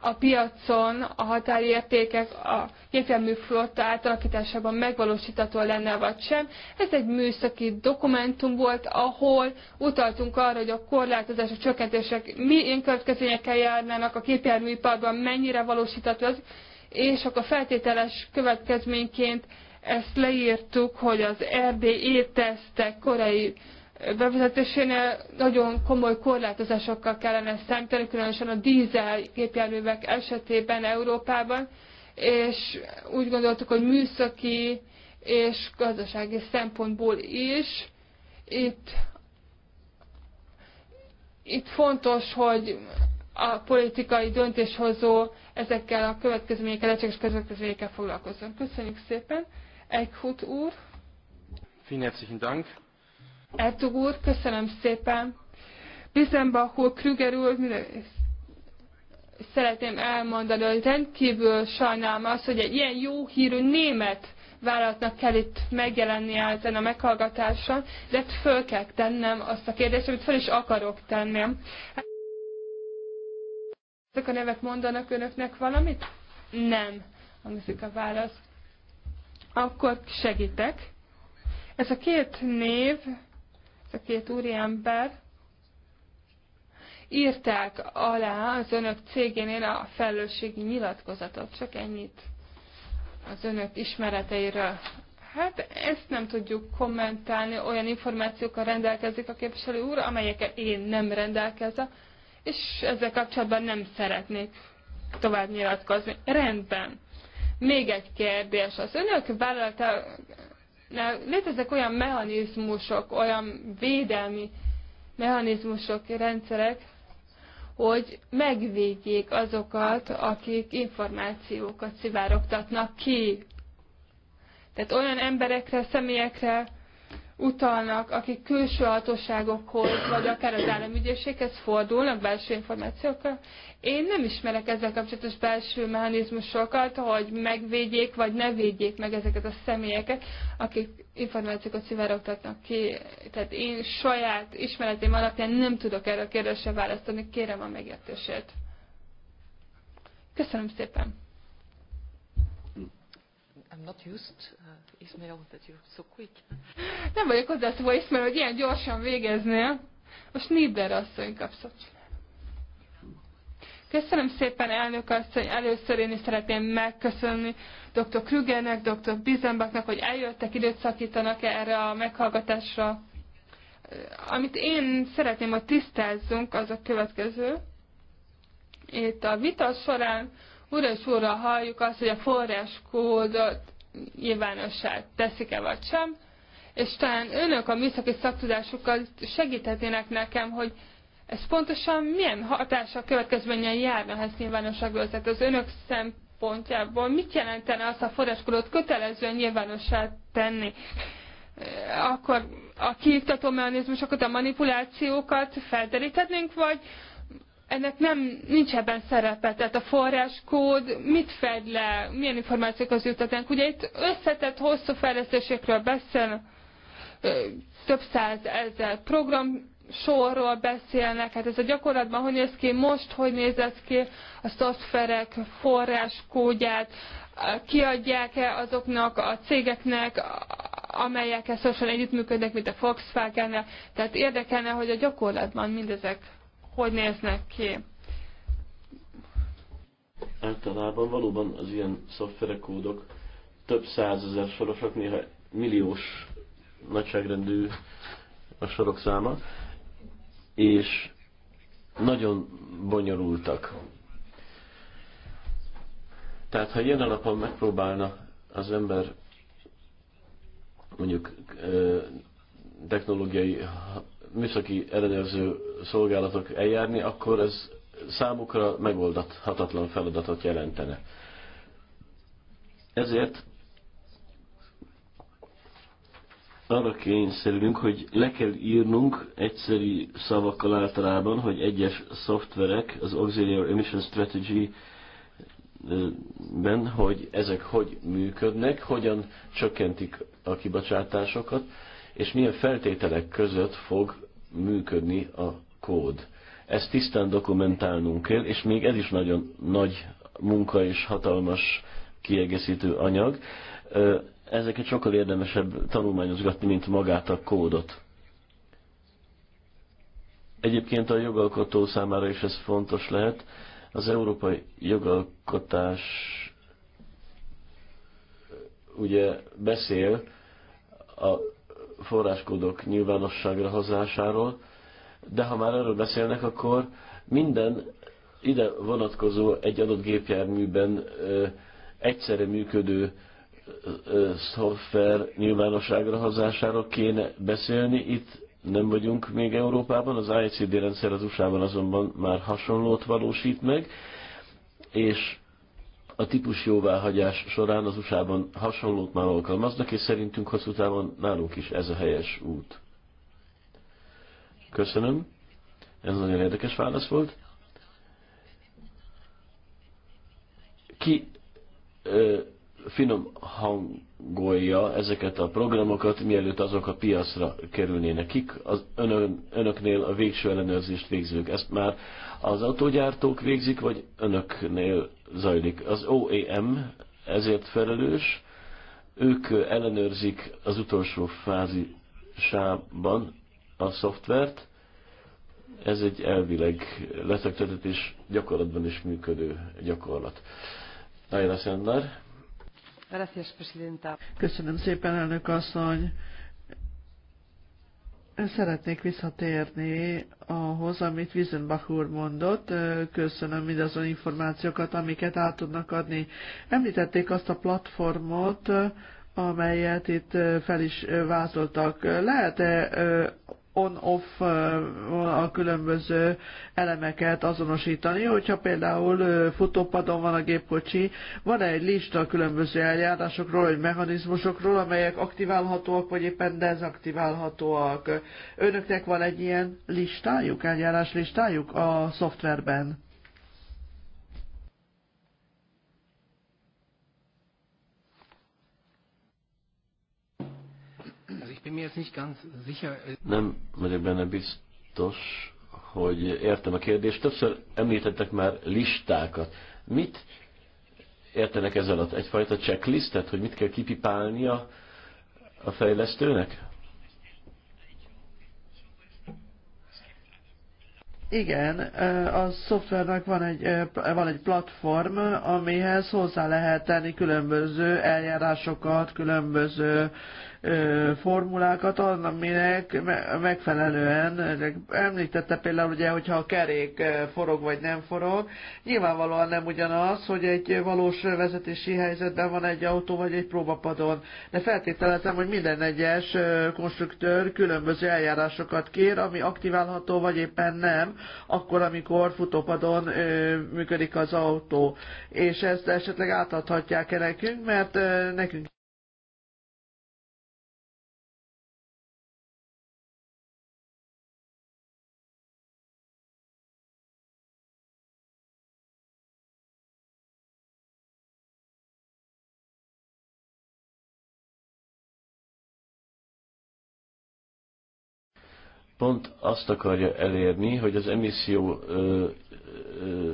a piacon a határértékek a gépjármű flotta átalakításában megvalósítható lenne vagy sem. Ez egy műszaki dokumentum volt, ahol utaltunk arra, hogy a korlátozások, csökkentések milyen következményekkel járnának a gépjárműiparban, mennyire valósítható az és akkor feltételes következményként ezt leírtuk, hogy az RDE tesztek korai bevezetésénél nagyon komoly korlátozásokkal kellene számítani, különösen a dízel gépjárművek esetében Európában, és úgy gondoltuk, hogy műszaki és gazdasági szempontból is. Itt, itt fontos, hogy a politikai döntéshozó ezekkel a következményekkel, lehetséges következményekkel foglalkozzon. Köszönjük szépen. Eichhut úr. Vielen Dank. Ertug úr, köszönöm szépen. Bizemba, úr, Krüger úr, szeretném elmondani, hogy rendkívül sajnálom az, hogy egy ilyen jó hírű német vállalatnak kell itt megjelenni ezen a meghallgatáson, de föl kell tennem azt a kérdést, amit föl is akarok tennem. Ezek a nevek mondanak önöknek valamit? Nem, hangzik a válasz. Akkor segítek. Ez a két név, ez a két úriember, írták alá az önök cégénél a felelősségi nyilatkozatot. Csak ennyit az önök ismereteiről. Hát ezt nem tudjuk kommentálni, olyan információkkal rendelkezik a képviselő úr, amelyekkel én nem rendelkezem és ezzel kapcsolatban nem szeretnék tovább nyilatkozni. Rendben. Még egy kérdés. Az önök vállalatánál léteznek olyan mechanizmusok, olyan védelmi mechanizmusok, rendszerek, hogy megvédjék azokat, akik információkat szivárogtatnak ki. Tehát olyan emberekre, személyekre utalnak, akik külső hatóságokhoz, vagy akár az államügyészséghez fordulnak belső információkkal. Én nem ismerek ezzel kapcsolatos belső mechanizmusokat, hogy megvédjék, vagy ne védjék meg ezeket a személyeket, akik információkat szivárogtatnak ki. Tehát én saját ismeretém alapján nem tudok erre a kérdésre választani. Kérem a megértését. Köszönöm szépen! I'm not used, uh, Ismail, that you're so quick. Nem vagyok szóval Ismail, hogy ilyen gyorsan végeznél. Most Nibler asszony kapszott. Köszönöm szépen, elnök asszony. Először én is szeretném megköszönni dr. Krügernek, dr. Bizenbaknak, hogy eljöttek, időt szakítanak erre a meghallgatásra. Amit én szeretném, hogy tisztázzunk, az a következő. Itt a vita során újra és halljuk azt, hogy a forráskódot nyilvánossá teszik-e vagy sem, és talán önök a műszaki szaktudásukkal segíthetnének nekem, hogy ez pontosan milyen hatása következményen járna, ha ezt nyilvánosságra tehát az önök szempontjából mit jelentene azt a forráskódot kötelezően nyilvánossá tenni? Akkor a kiiktató mechanizmusokat, a manipulációkat felderíthetnénk, vagy ennek nem, nincs ebben szerepe, tehát a forráskód mit fed le, milyen információkhoz jutatnánk. Ugye itt összetett hosszú fejlesztésekről beszél, több száz ezer program sorról beszélnek, hát ez a gyakorlatban hogy néz ki most, hogy néz ki a szoftverek forráskódját, kiadják-e azoknak a cégeknek, amelyekkel szorosan együttműködnek, mint a Volkswagen-nel. Tehát érdekelne, hogy a gyakorlatban mindezek hogy néznek ki. Általában valóban az ilyen szoftverekódok több százezer sorosak, néha milliós nagyságrendű a sorok száma, és nagyon bonyolultak. Tehát, ha ilyen alapon megpróbálna az ember mondjuk technológiai műszaki ellenőrző szolgálatok eljárni, akkor ez számukra megoldathatatlan feladatot jelentene. Ezért arra kényszerülünk, hogy le kell írnunk egyszerű szavakkal általában, hogy egyes szoftverek az Auxiliary Emission Strategy ben, hogy ezek hogy működnek, hogyan csökkentik a kibocsátásokat, és milyen feltételek között fog működni a kód. Ezt tisztán dokumentálnunk kell, és még ez is nagyon nagy munka és hatalmas kiegészítő anyag. Ezeket sokkal érdemesebb tanulmányozgatni, mint magát a kódot. Egyébként a jogalkotó számára is ez fontos lehet. Az európai jogalkotás ugye beszél a forráskódok nyilvánosságra hozásáról, de ha már erről beszélnek, akkor minden ide vonatkozó egy adott gépjárműben ö, egyszerre működő szoftver nyilvánosságra hozásáról kéne beszélni. Itt nem vagyunk még Európában, az ICD rendszer az USA-ban azonban már hasonlót valósít meg, és a típus jóváhagyás során az USA-ban hasonlót már alkalmaznak, és szerintünk hosszú távon nálunk is ez a helyes út. Köszönöm. Ez nagyon érdekes válasz volt. Ki ö, finom hangolja ezeket a programokat, mielőtt azok a piacra kerülnének. Kik az önön, önöknél a végső ellenőrzést végzők? Ezt már az autógyártók végzik, vagy önöknél zajlik? Az OEM ezért felelős, ők ellenőrzik az utolsó fázisában a szoftvert, ez egy elvileg lefektetett és gyakorlatban is működő gyakorlat. A Sender. Gracias, Presidenta. Köszönöm szépen, elnök asszony. Szeretnék visszatérni ahhoz, amit Wiesenbach úr mondott. Köszönöm mindazon információkat, amiket át tudnak adni. Említették azt a platformot, amelyet itt fel is vázoltak. Lehet-e on-off a különböző elemeket azonosítani, hogyha például futópadon van a gépkocsi, van egy lista a különböző eljárásokról, vagy mechanizmusokról, amelyek aktiválhatóak, vagy éppen dezaktiválhatóak. Önöknek van egy ilyen listájuk, eljárás listájuk a szoftverben? Äh, Nem vagyok benne biztos, hogy értem a kérdést. Többször említettek már listákat. Mit értenek ez alatt? Egyfajta checklistet, hogy mit kell kipipálnia a fejlesztőnek? Igen, a szoftvernek van egy, van egy platform, amihez hozzá lehet tenni különböző eljárásokat, különböző formulákat, aminek megfelelően, említette például ugye, hogyha a kerék forog vagy nem forog, nyilvánvalóan nem ugyanaz, hogy egy valós vezetési helyzetben van egy autó vagy egy próbapadon, de feltételezem, hogy minden egyes konstruktőr különböző eljárásokat kér, ami aktiválható vagy éppen nem, akkor, amikor futópadon működik az autó. És ezt esetleg átadhatják-e nekünk, mert nekünk pont azt akarja elérni, hogy az emisszió ö, ö,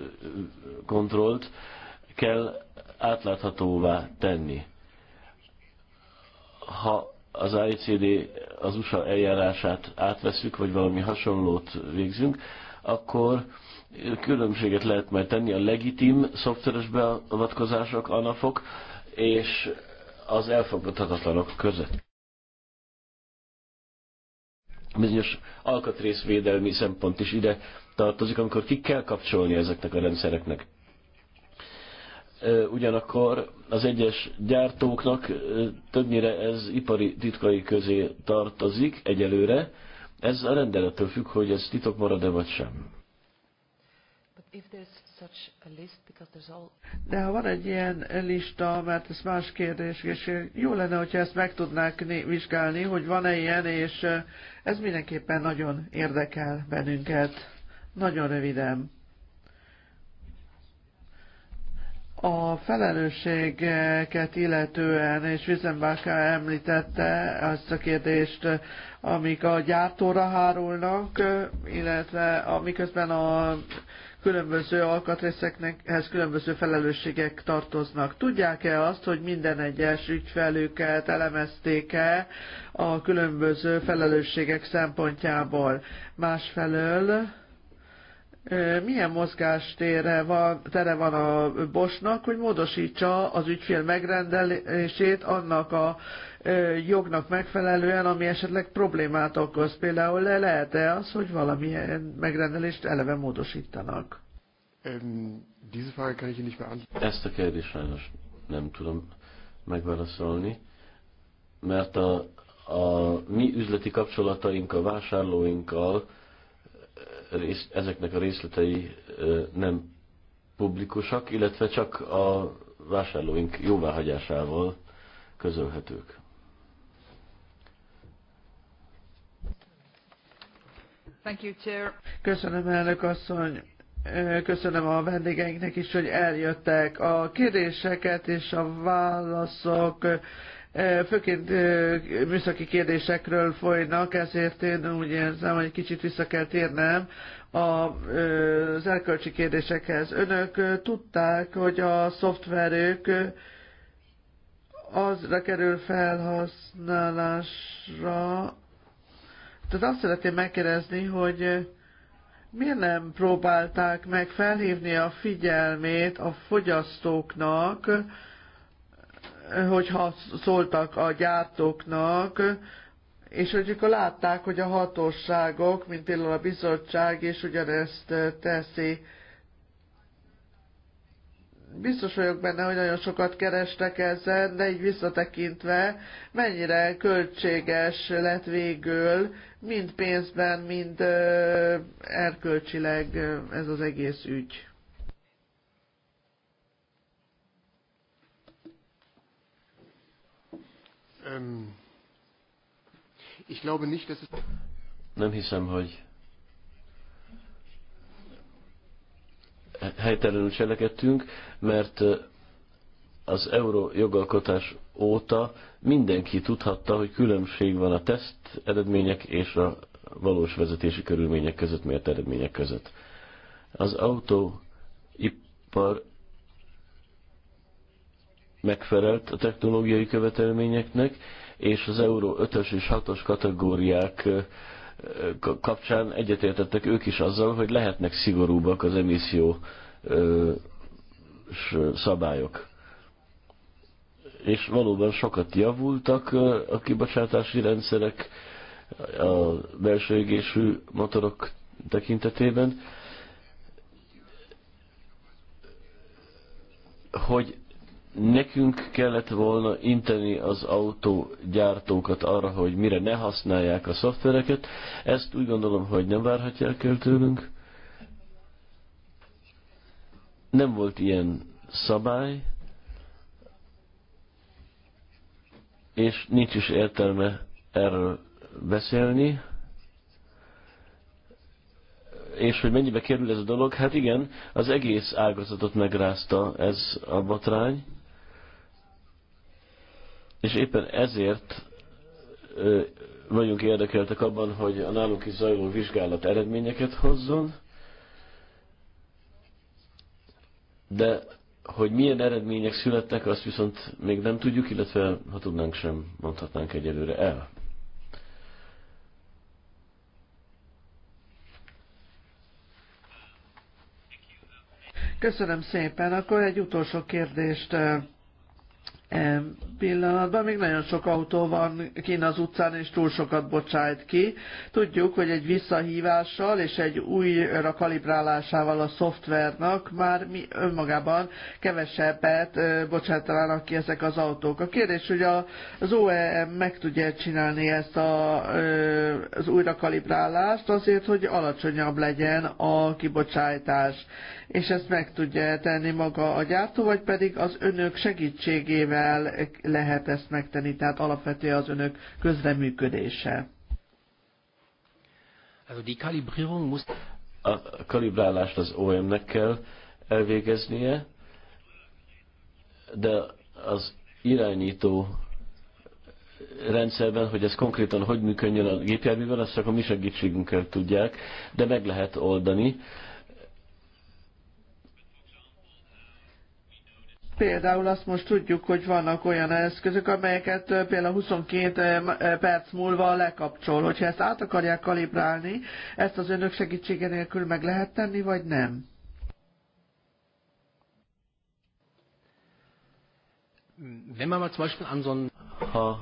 kontrollt kell átláthatóvá tenni. Ha az ICD az USA eljárását átveszük, vagy valami hasonlót végzünk, akkor különbséget lehet majd tenni a legitim szoftveres beavatkozások, anafok, és az elfogadhatatlanok között bizonyos alkatrészvédelmi szempont is ide tartozik, amikor ki kell kapcsolni ezeknek a rendszereknek. Ugyanakkor az egyes gyártóknak többnyire ez ipari titkai közé tartozik egyelőre. Ez a rendelettől függ, hogy ez titok marad-e vagy sem. But if there's de ha van egy ilyen lista, mert ez más kérdés, és jó lenne, hogyha ezt meg tudnák vizsgálni, hogy van-e ilyen, és ez mindenképpen nagyon érdekel bennünket. Nagyon röviden. A felelősséget illetően, és Vizenbáka említette azt a kérdést, amik a gyártóra hárulnak, illetve amiközben a különböző alkatrészekhez különböző felelősségek tartoznak. Tudják-e azt, hogy minden egyes ügyfelüket elemezték-e a különböző felelősségek szempontjából? Másfelől milyen mozgás van, tere van a Bosnak, hogy módosítsa az ügyfél megrendelését annak a jognak megfelelően, ami esetleg problémát okoz. Például le lehet-e az, hogy valamilyen megrendelést eleve módosítanak? Ezt a kérdést sajnos nem tudom megválaszolni, mert a, a mi üzleti kapcsolataink a vásárlóinkkal, ezeknek a részletei nem publikusak, illetve csak a vásárlóink jóváhagyásával közölhetők. Thank you, Chair. Köszönöm, elnök asszony. Köszönöm a vendégeinknek is, hogy eljöttek. A kérdéseket és a válaszok főként műszaki kérdésekről folynak, ezért én úgy érzem, hogy kicsit vissza kell térnem az erkölcsi kérdésekhez. Önök tudták, hogy a szoftverük azra kerül felhasználásra. Tehát azt szeretném megkérdezni, hogy miért nem próbálták meg felhívni a figyelmét a fogyasztóknak, hogyha szóltak a gyártóknak, és hogy akkor látták, hogy a hatóságok, mint például a bizottság is ugyanezt teszi, biztos vagyok benne, hogy nagyon sokat kerestek ezzel, de így visszatekintve, mennyire költséges lett végül, mind pénzben, mind erkölcsileg ez az egész ügy. Ähm, ich glaube nicht, dass es nem hiszem, hogy helytelenül cselekedtünk, mert az euró jogalkotás óta mindenki tudhatta, hogy különbség van a teszt eredmények és a valós vezetési körülmények között, mért eredmények között. Az autóipar megfelelt a technológiai követelményeknek, és az Euró 5-ös és 6-os kategóriák kapcsán egyetértettek ők is azzal, hogy lehetnek szigorúbbak az emisszió szabályok. És valóban sokat javultak a kibocsátási rendszerek a belső égésű motorok tekintetében, hogy Nekünk kellett volna inteni az autógyártókat arra, hogy mire ne használják a szoftvereket. Ezt úgy gondolom, hogy nem várhatják el tőlünk. Nem volt ilyen szabály, és nincs is értelme erről beszélni. És hogy mennyibe kerül ez a dolog? Hát igen, az egész ágazatot megrázta ez a botrány. És éppen ezért vagyunk érdekeltek abban, hogy a nálunk is zajló vizsgálat eredményeket hozzon, de hogy milyen eredmények születtek, azt viszont még nem tudjuk, illetve ha tudnánk sem, mondhatnánk egyelőre el. Köszönöm szépen. Akkor egy utolsó kérdést pillanatban még nagyon sok autó van kín az utcán, és túl sokat bocsájt ki. Tudjuk, hogy egy visszahívással és egy újra kalibrálásával a szoftvernak már mi önmagában kevesebbet bocsátanának ki ezek az autók. A kérdés, hogy az OEM meg tudja csinálni ezt a, az újrakalibrálást azért, hogy alacsonyabb legyen a kibocsátás. És ezt meg tudja tenni maga a gyártó, vagy pedig az önök segítségével eszközökkel lehet ezt megtenni, tehát alapvető az önök közreműködése. A kalibrálást az OM-nek kell elvégeznie, de az irányító rendszerben, hogy ez konkrétan hogy működjön a gépjárművel, azt csak a mi segítségünkkel tudják, de meg lehet oldani Például azt most tudjuk, hogy vannak olyan eszközök, amelyeket például 22 eh, eh, perc múlva lekapcsol. Hogyha ezt át akarják kalibrálni, ezt az önök segítsége nélkül meg lehet tenni, vagy nem? Ha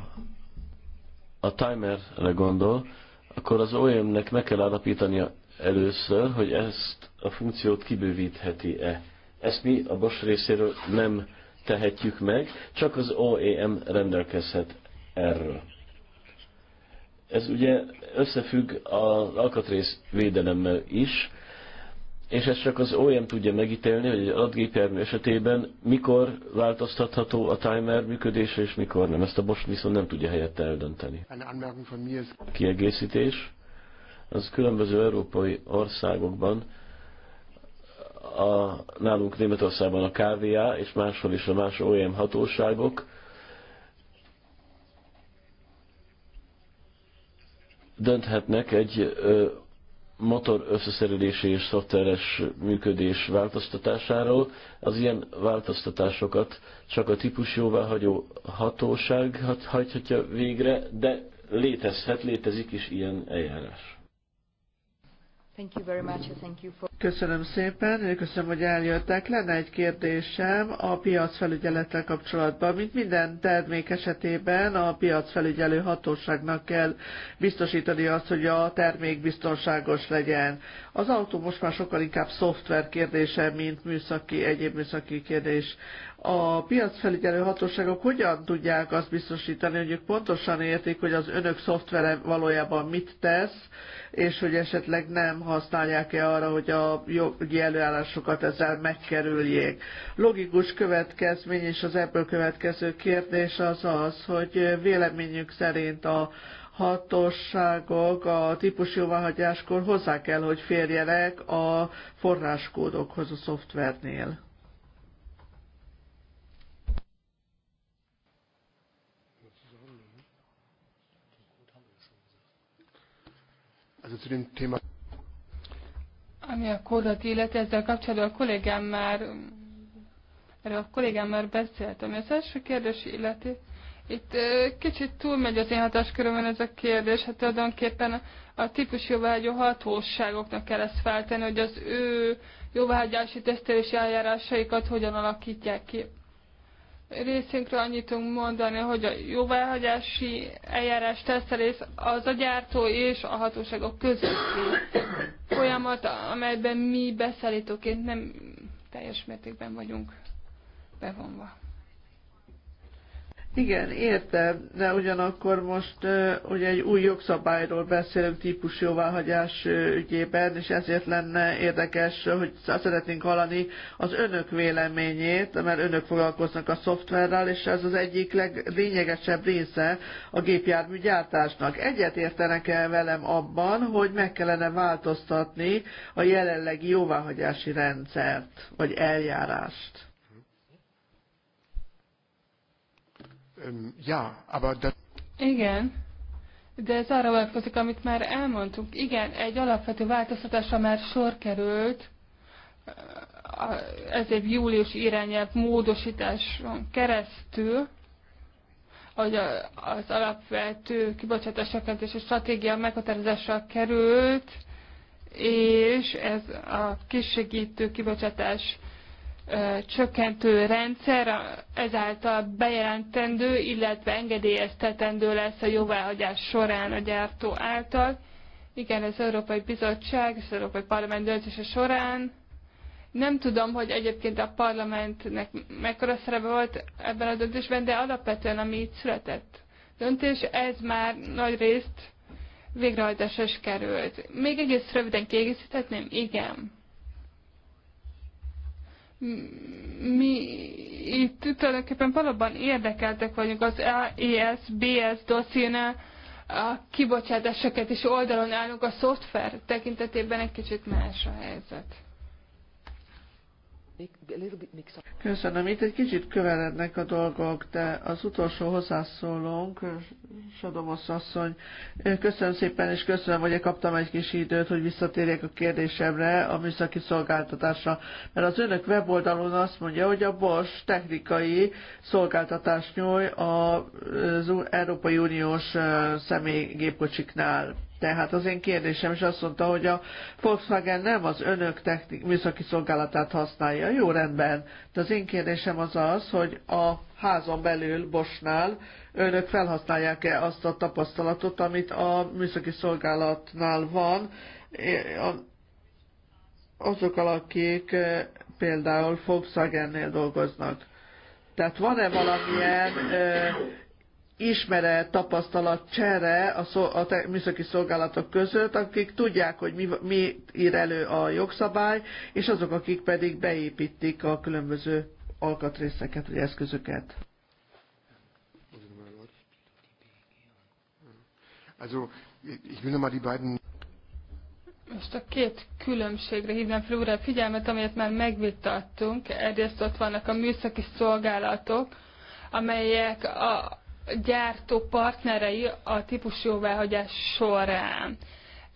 a timerre gondol, akkor az OEM-nek meg kell állapítania először, hogy ezt a funkciót kibővítheti-e. Ezt mi a Bosch részéről nem tehetjük meg, csak az OEM rendelkezhet erről. Ez ugye összefügg az alkatrész védelemmel is, és ezt csak az OEM tudja megítélni, hogy egy adott gépjármű esetében mikor változtatható a timer működése, és mikor nem. Ezt a Bosch viszont nem tudja helyette eldönteni. Kiegészítés. Az különböző európai országokban a, nálunk Németországban a KVA, és máshol is a más OEM hatóságok. Dönthetnek egy ö, motor összeszerelési és szoftveres működés változtatásáról. Az ilyen változtatásokat csak a típus jóváhagyó hatóság hajthatja végre, de létezhet, létezik is ilyen eljárás. Köszönöm szépen, köszönöm, hogy eljöttek. Lenne egy kérdésem a piacfelügyelettel kapcsolatban. Mint minden termék esetében a piacfelügyelő hatóságnak kell biztosítani azt, hogy a termék biztonságos legyen. Az autó most már sokkal inkább szoftver kérdése, mint műszaki, egyéb műszaki kérdés a piacfelügyelő hatóságok hogyan tudják azt biztosítani, hogy ők pontosan értik, hogy az önök szoftvere valójában mit tesz, és hogy esetleg nem használják-e arra, hogy a jogi előállásokat ezzel megkerüljék. Logikus következmény és az ebből következő kérdés az az, hogy véleményük szerint a hatóságok a típus jóváhagyáskor hozzá kell, hogy férjenek a forráskódokhoz a szoftvernél. ez az dem téma. Ami a kódot illeti, ezzel kapcsolatban a kollégám már erről a kollégám már beszélt. Ami az első kérdés illeti, itt kicsit túlmegy az én hatáskörömön ez a kérdés, hát tulajdonképpen a típus jóvágyó hatóságoknak kell ezt feltenni, hogy az ő jóvágyási tesztelési eljárásaikat hogyan alakítják ki részünkről annyit tudunk mondani, hogy a jóváhagyási eljárás tesztelés az a gyártó és a hatóságok közötti folyamat, amelyben mi beszállítóként nem teljes mértékben vagyunk bevonva. Igen, értem, de ugyanakkor most ugye egy új jogszabályról beszélünk típus jóváhagyás ügyében, és ezért lenne érdekes, hogy szeretnénk hallani az önök véleményét, mert önök foglalkoznak a szoftverrel, és ez az egyik leglényegesebb része a gépjármű gyártásnak. Egyet értenek el velem abban, hogy meg kellene változtatni a jelenlegi jóváhagyási rendszert, vagy eljárást? ja, aber das... Igen, de ez arra vonatkozik, amit már elmondtunk. Igen, egy alapvető változtatásra már sor került, ez egy július irányelv módosításon keresztül, hogy az alapvető a stratégia meghatározásra került, és ez a kisegítő kibocsátás csökkentő rendszer, ezáltal bejelentendő, illetve engedélyeztetendő lesz a jóváhagyás során a gyártó által. Igen, az Európai Bizottság az Európai Parlament döntése során. Nem tudom, hogy egyébként a parlamentnek mekkora szerepe volt ebben a döntésben, de alapvetően ami itt született döntés, ez már nagy részt végrehajtásra is került. Még egész röviden kiegészíthetném? Igen mi itt tulajdonképpen valóban érdekeltek vagyunk az AES, BS dosszínál, a e e kibocsátásokat is oldalon állunk, a szoftver tekintetében egy kicsit más a helyzet. Köszönöm. Itt egy kicsit köverednek a dolgok, de az utolsó hozzászólónk, Sadomos asszony, köszönöm szépen, és köszönöm, hogy kaptam egy kis időt, hogy visszatérjek a kérdésemre a műszaki szolgáltatásra. Mert az önök weboldalon azt mondja, hogy a BOS technikai szolgáltatást nyúj az Európai Uniós személygépkocsiknál. Tehát az én kérdésem is azt mondta, hogy a Volkswagen nem az önök technik, műszaki szolgálatát használja. Jó, rendben. De az én kérdésem az az, hogy a házon belül Bosnál önök felhasználják-e azt a tapasztalatot, amit a műszaki szolgálatnál van, azok, akik e, például Volkswagen-nél dolgoznak. Tehát van-e valamilyen e, ismere tapasztalat csere a, szol, a műszaki szolgálatok között, akik tudják, hogy mi, mi ír elő a jogszabály, és azok, akik pedig beépítik a különböző alkatrészeket vagy eszközöket. Also, ich will nochmal die beiden most a két különbségre hívnám fel újra a figyelmet, amelyet már megvitattunk. Egyrészt ott vannak a műszaki szolgálatok, amelyek a, gyártó partnerei a típus jóváhagyás során.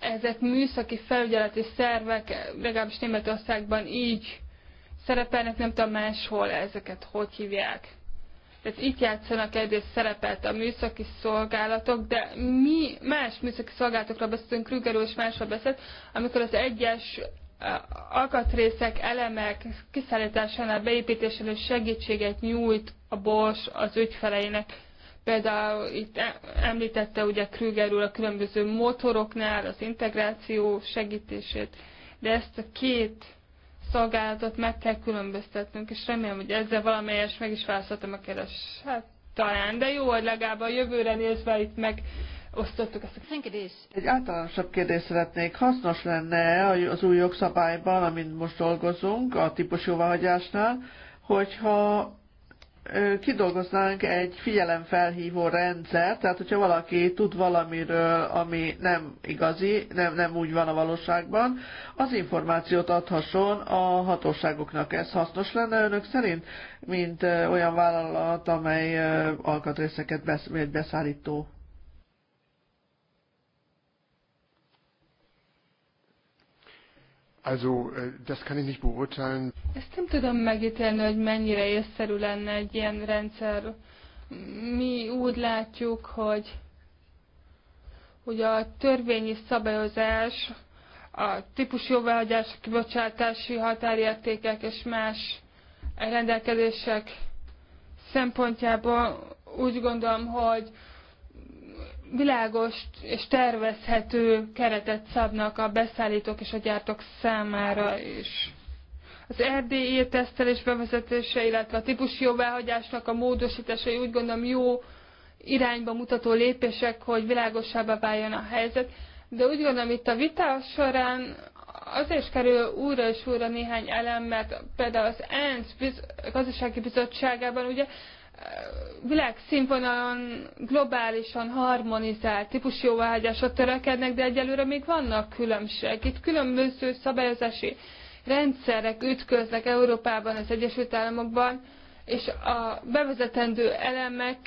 Ezek műszaki felügyeleti szervek, legalábbis Németországban így szerepelnek, nem tudom máshol ezeket hogy hívják. Tehát itt játszanak egyrészt szerepet a műszaki szolgálatok, de mi más műszaki szolgálatokra beszélünk, Krügerő és másra beszélt, amikor az egyes alkatrészek, elemek kiszállításánál, beépítésénél segítséget nyújt a bors az ügyfeleinek. Például itt e- említette ugye Krügerről a különböző motoroknál az integráció segítését, de ezt a két szolgálatot meg kell különböztetnünk, és remélem, hogy ezzel valamelyes meg is választottam a keres. Hát talán, de jó, hogy legalább a jövőre nézve itt meg osztottuk ezt a Egy általánosabb kérdést szeretnék. Hasznos lenne az új jogszabályban, amin most dolgozunk, a típus jóváhagyásnál, hogyha kidolgoznánk egy figyelemfelhívó rendszert, tehát hogyha valaki tud valamiről, ami nem igazi, nem, nem úgy van a valóságban, az információt adhasson a hatóságoknak. Ez hasznos lenne önök szerint, mint olyan vállalat, amely alkatrészeket besz, beszállító Also, äh, das kann ich nicht beurteilen. Ezt nem tudom megítélni, hogy mennyire észszerű lenne egy ilyen rendszer. Mi úgy látjuk, hogy, hogy a törvényi szabályozás, a típus jóváhagyás, kibocsátási határértékek és más rendelkezések szempontjából úgy gondolom, hogy világos és tervezhető keretet szabnak a beszállítók és a gyártók számára is. Az RDI tesztelés bevezetése, illetve a típus jóváhagyásnak a módosításai úgy gondolom jó irányba mutató lépések, hogy világosabbá váljon a helyzet. De úgy gondolom itt a vita során azért is kerül újra és újra néhány elem, mert például az ENSZ biz- gazdasági bizottságában ugye világszínvonalon globálisan harmonizált típusú jóváhagyásra törekednek, de egyelőre még vannak különbségek. Itt különböző szabályozási rendszerek ütköznek Európában, az Egyesült Államokban, és a bevezetendő elemek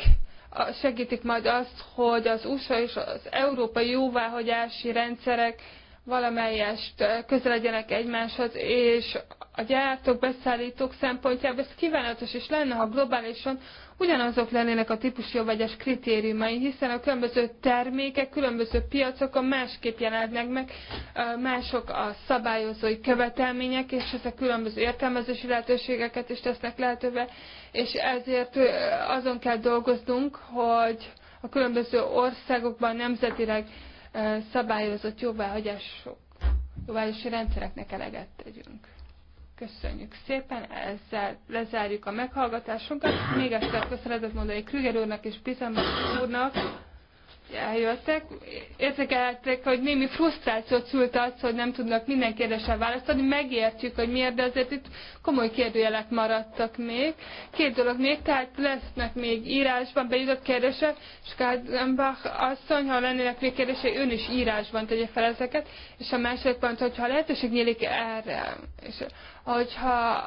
segítik majd azt, hogy az USA és az európai jóváhagyási rendszerek valamelyest közel legyenek egymáshoz, és a gyártók, beszállítók szempontjából ez kívánatos is lenne, ha globálisan ugyanazok lennének a típus vegyes kritériumai, hiszen a különböző termékek, különböző piacokon másképp jelennek meg, mások a szabályozói követelmények, és ezek különböző értelmezési lehetőségeket is tesznek lehetővé, és ezért azon kell dolgoznunk, hogy a különböző országokban nemzetileg szabályozott jóváhagyások, jóvágyási rendszereknek eleget tegyünk. Köszönjük szépen, ezzel lezárjuk a meghallgatásunkat. Még egyszer köszönetet mondani Krüger úrnak és Pizamás úrnak, eljöttek. Értékelhették, hogy némi frusztrációt szült az, hogy nem tudnak minden kérdésre választani. Megértjük, hogy miért, de azért itt komoly kérdőjelek maradtak még. Két dolog még, tehát lesznek még írásban bejutott kérdések, és Kádenbach asszony, ha lennének még kérdése, ön is írásban tegye fel ezeket, és a második pont, hogyha lehetőség nyílik erre, és hogyha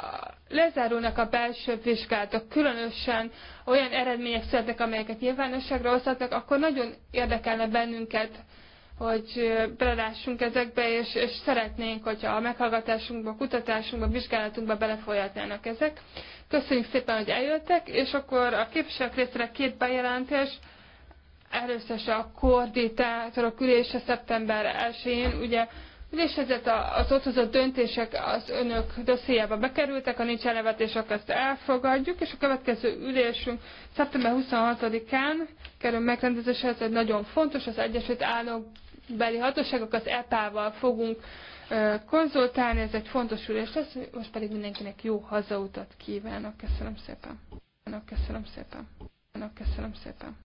lezárulnak a belső vizsgálatok, különösen olyan eredmények születnek, amelyeket nyilvánosságra hozhatnak, akkor nagyon érdekelne bennünket, hogy belelássunk ezekbe, és, és szeretnénk, hogyha a meghallgatásunkba, kutatásunkba, vizsgálatunkba belefolyatnának ezek. Köszönjük szépen, hogy eljöttek, és akkor a képviselők részre két bejelentés. Először a koordinátorok ülése szeptember 1-én, ugye és ezért az ott hozott döntések az önök dossziéjába bekerültek, a nincs elevetés, akkor ezt elfogadjuk, és a következő ülésünk szeptember 26-án kerül megrendezésre, ez egy nagyon fontos, az Egyesült Államok beli hatóságok, az EPA-val fogunk konzultálni, ez egy fontos ülés lesz, most pedig mindenkinek jó hazautat kívánok, köszönöm szépen. Köszönöm szépen. Köszönöm szépen.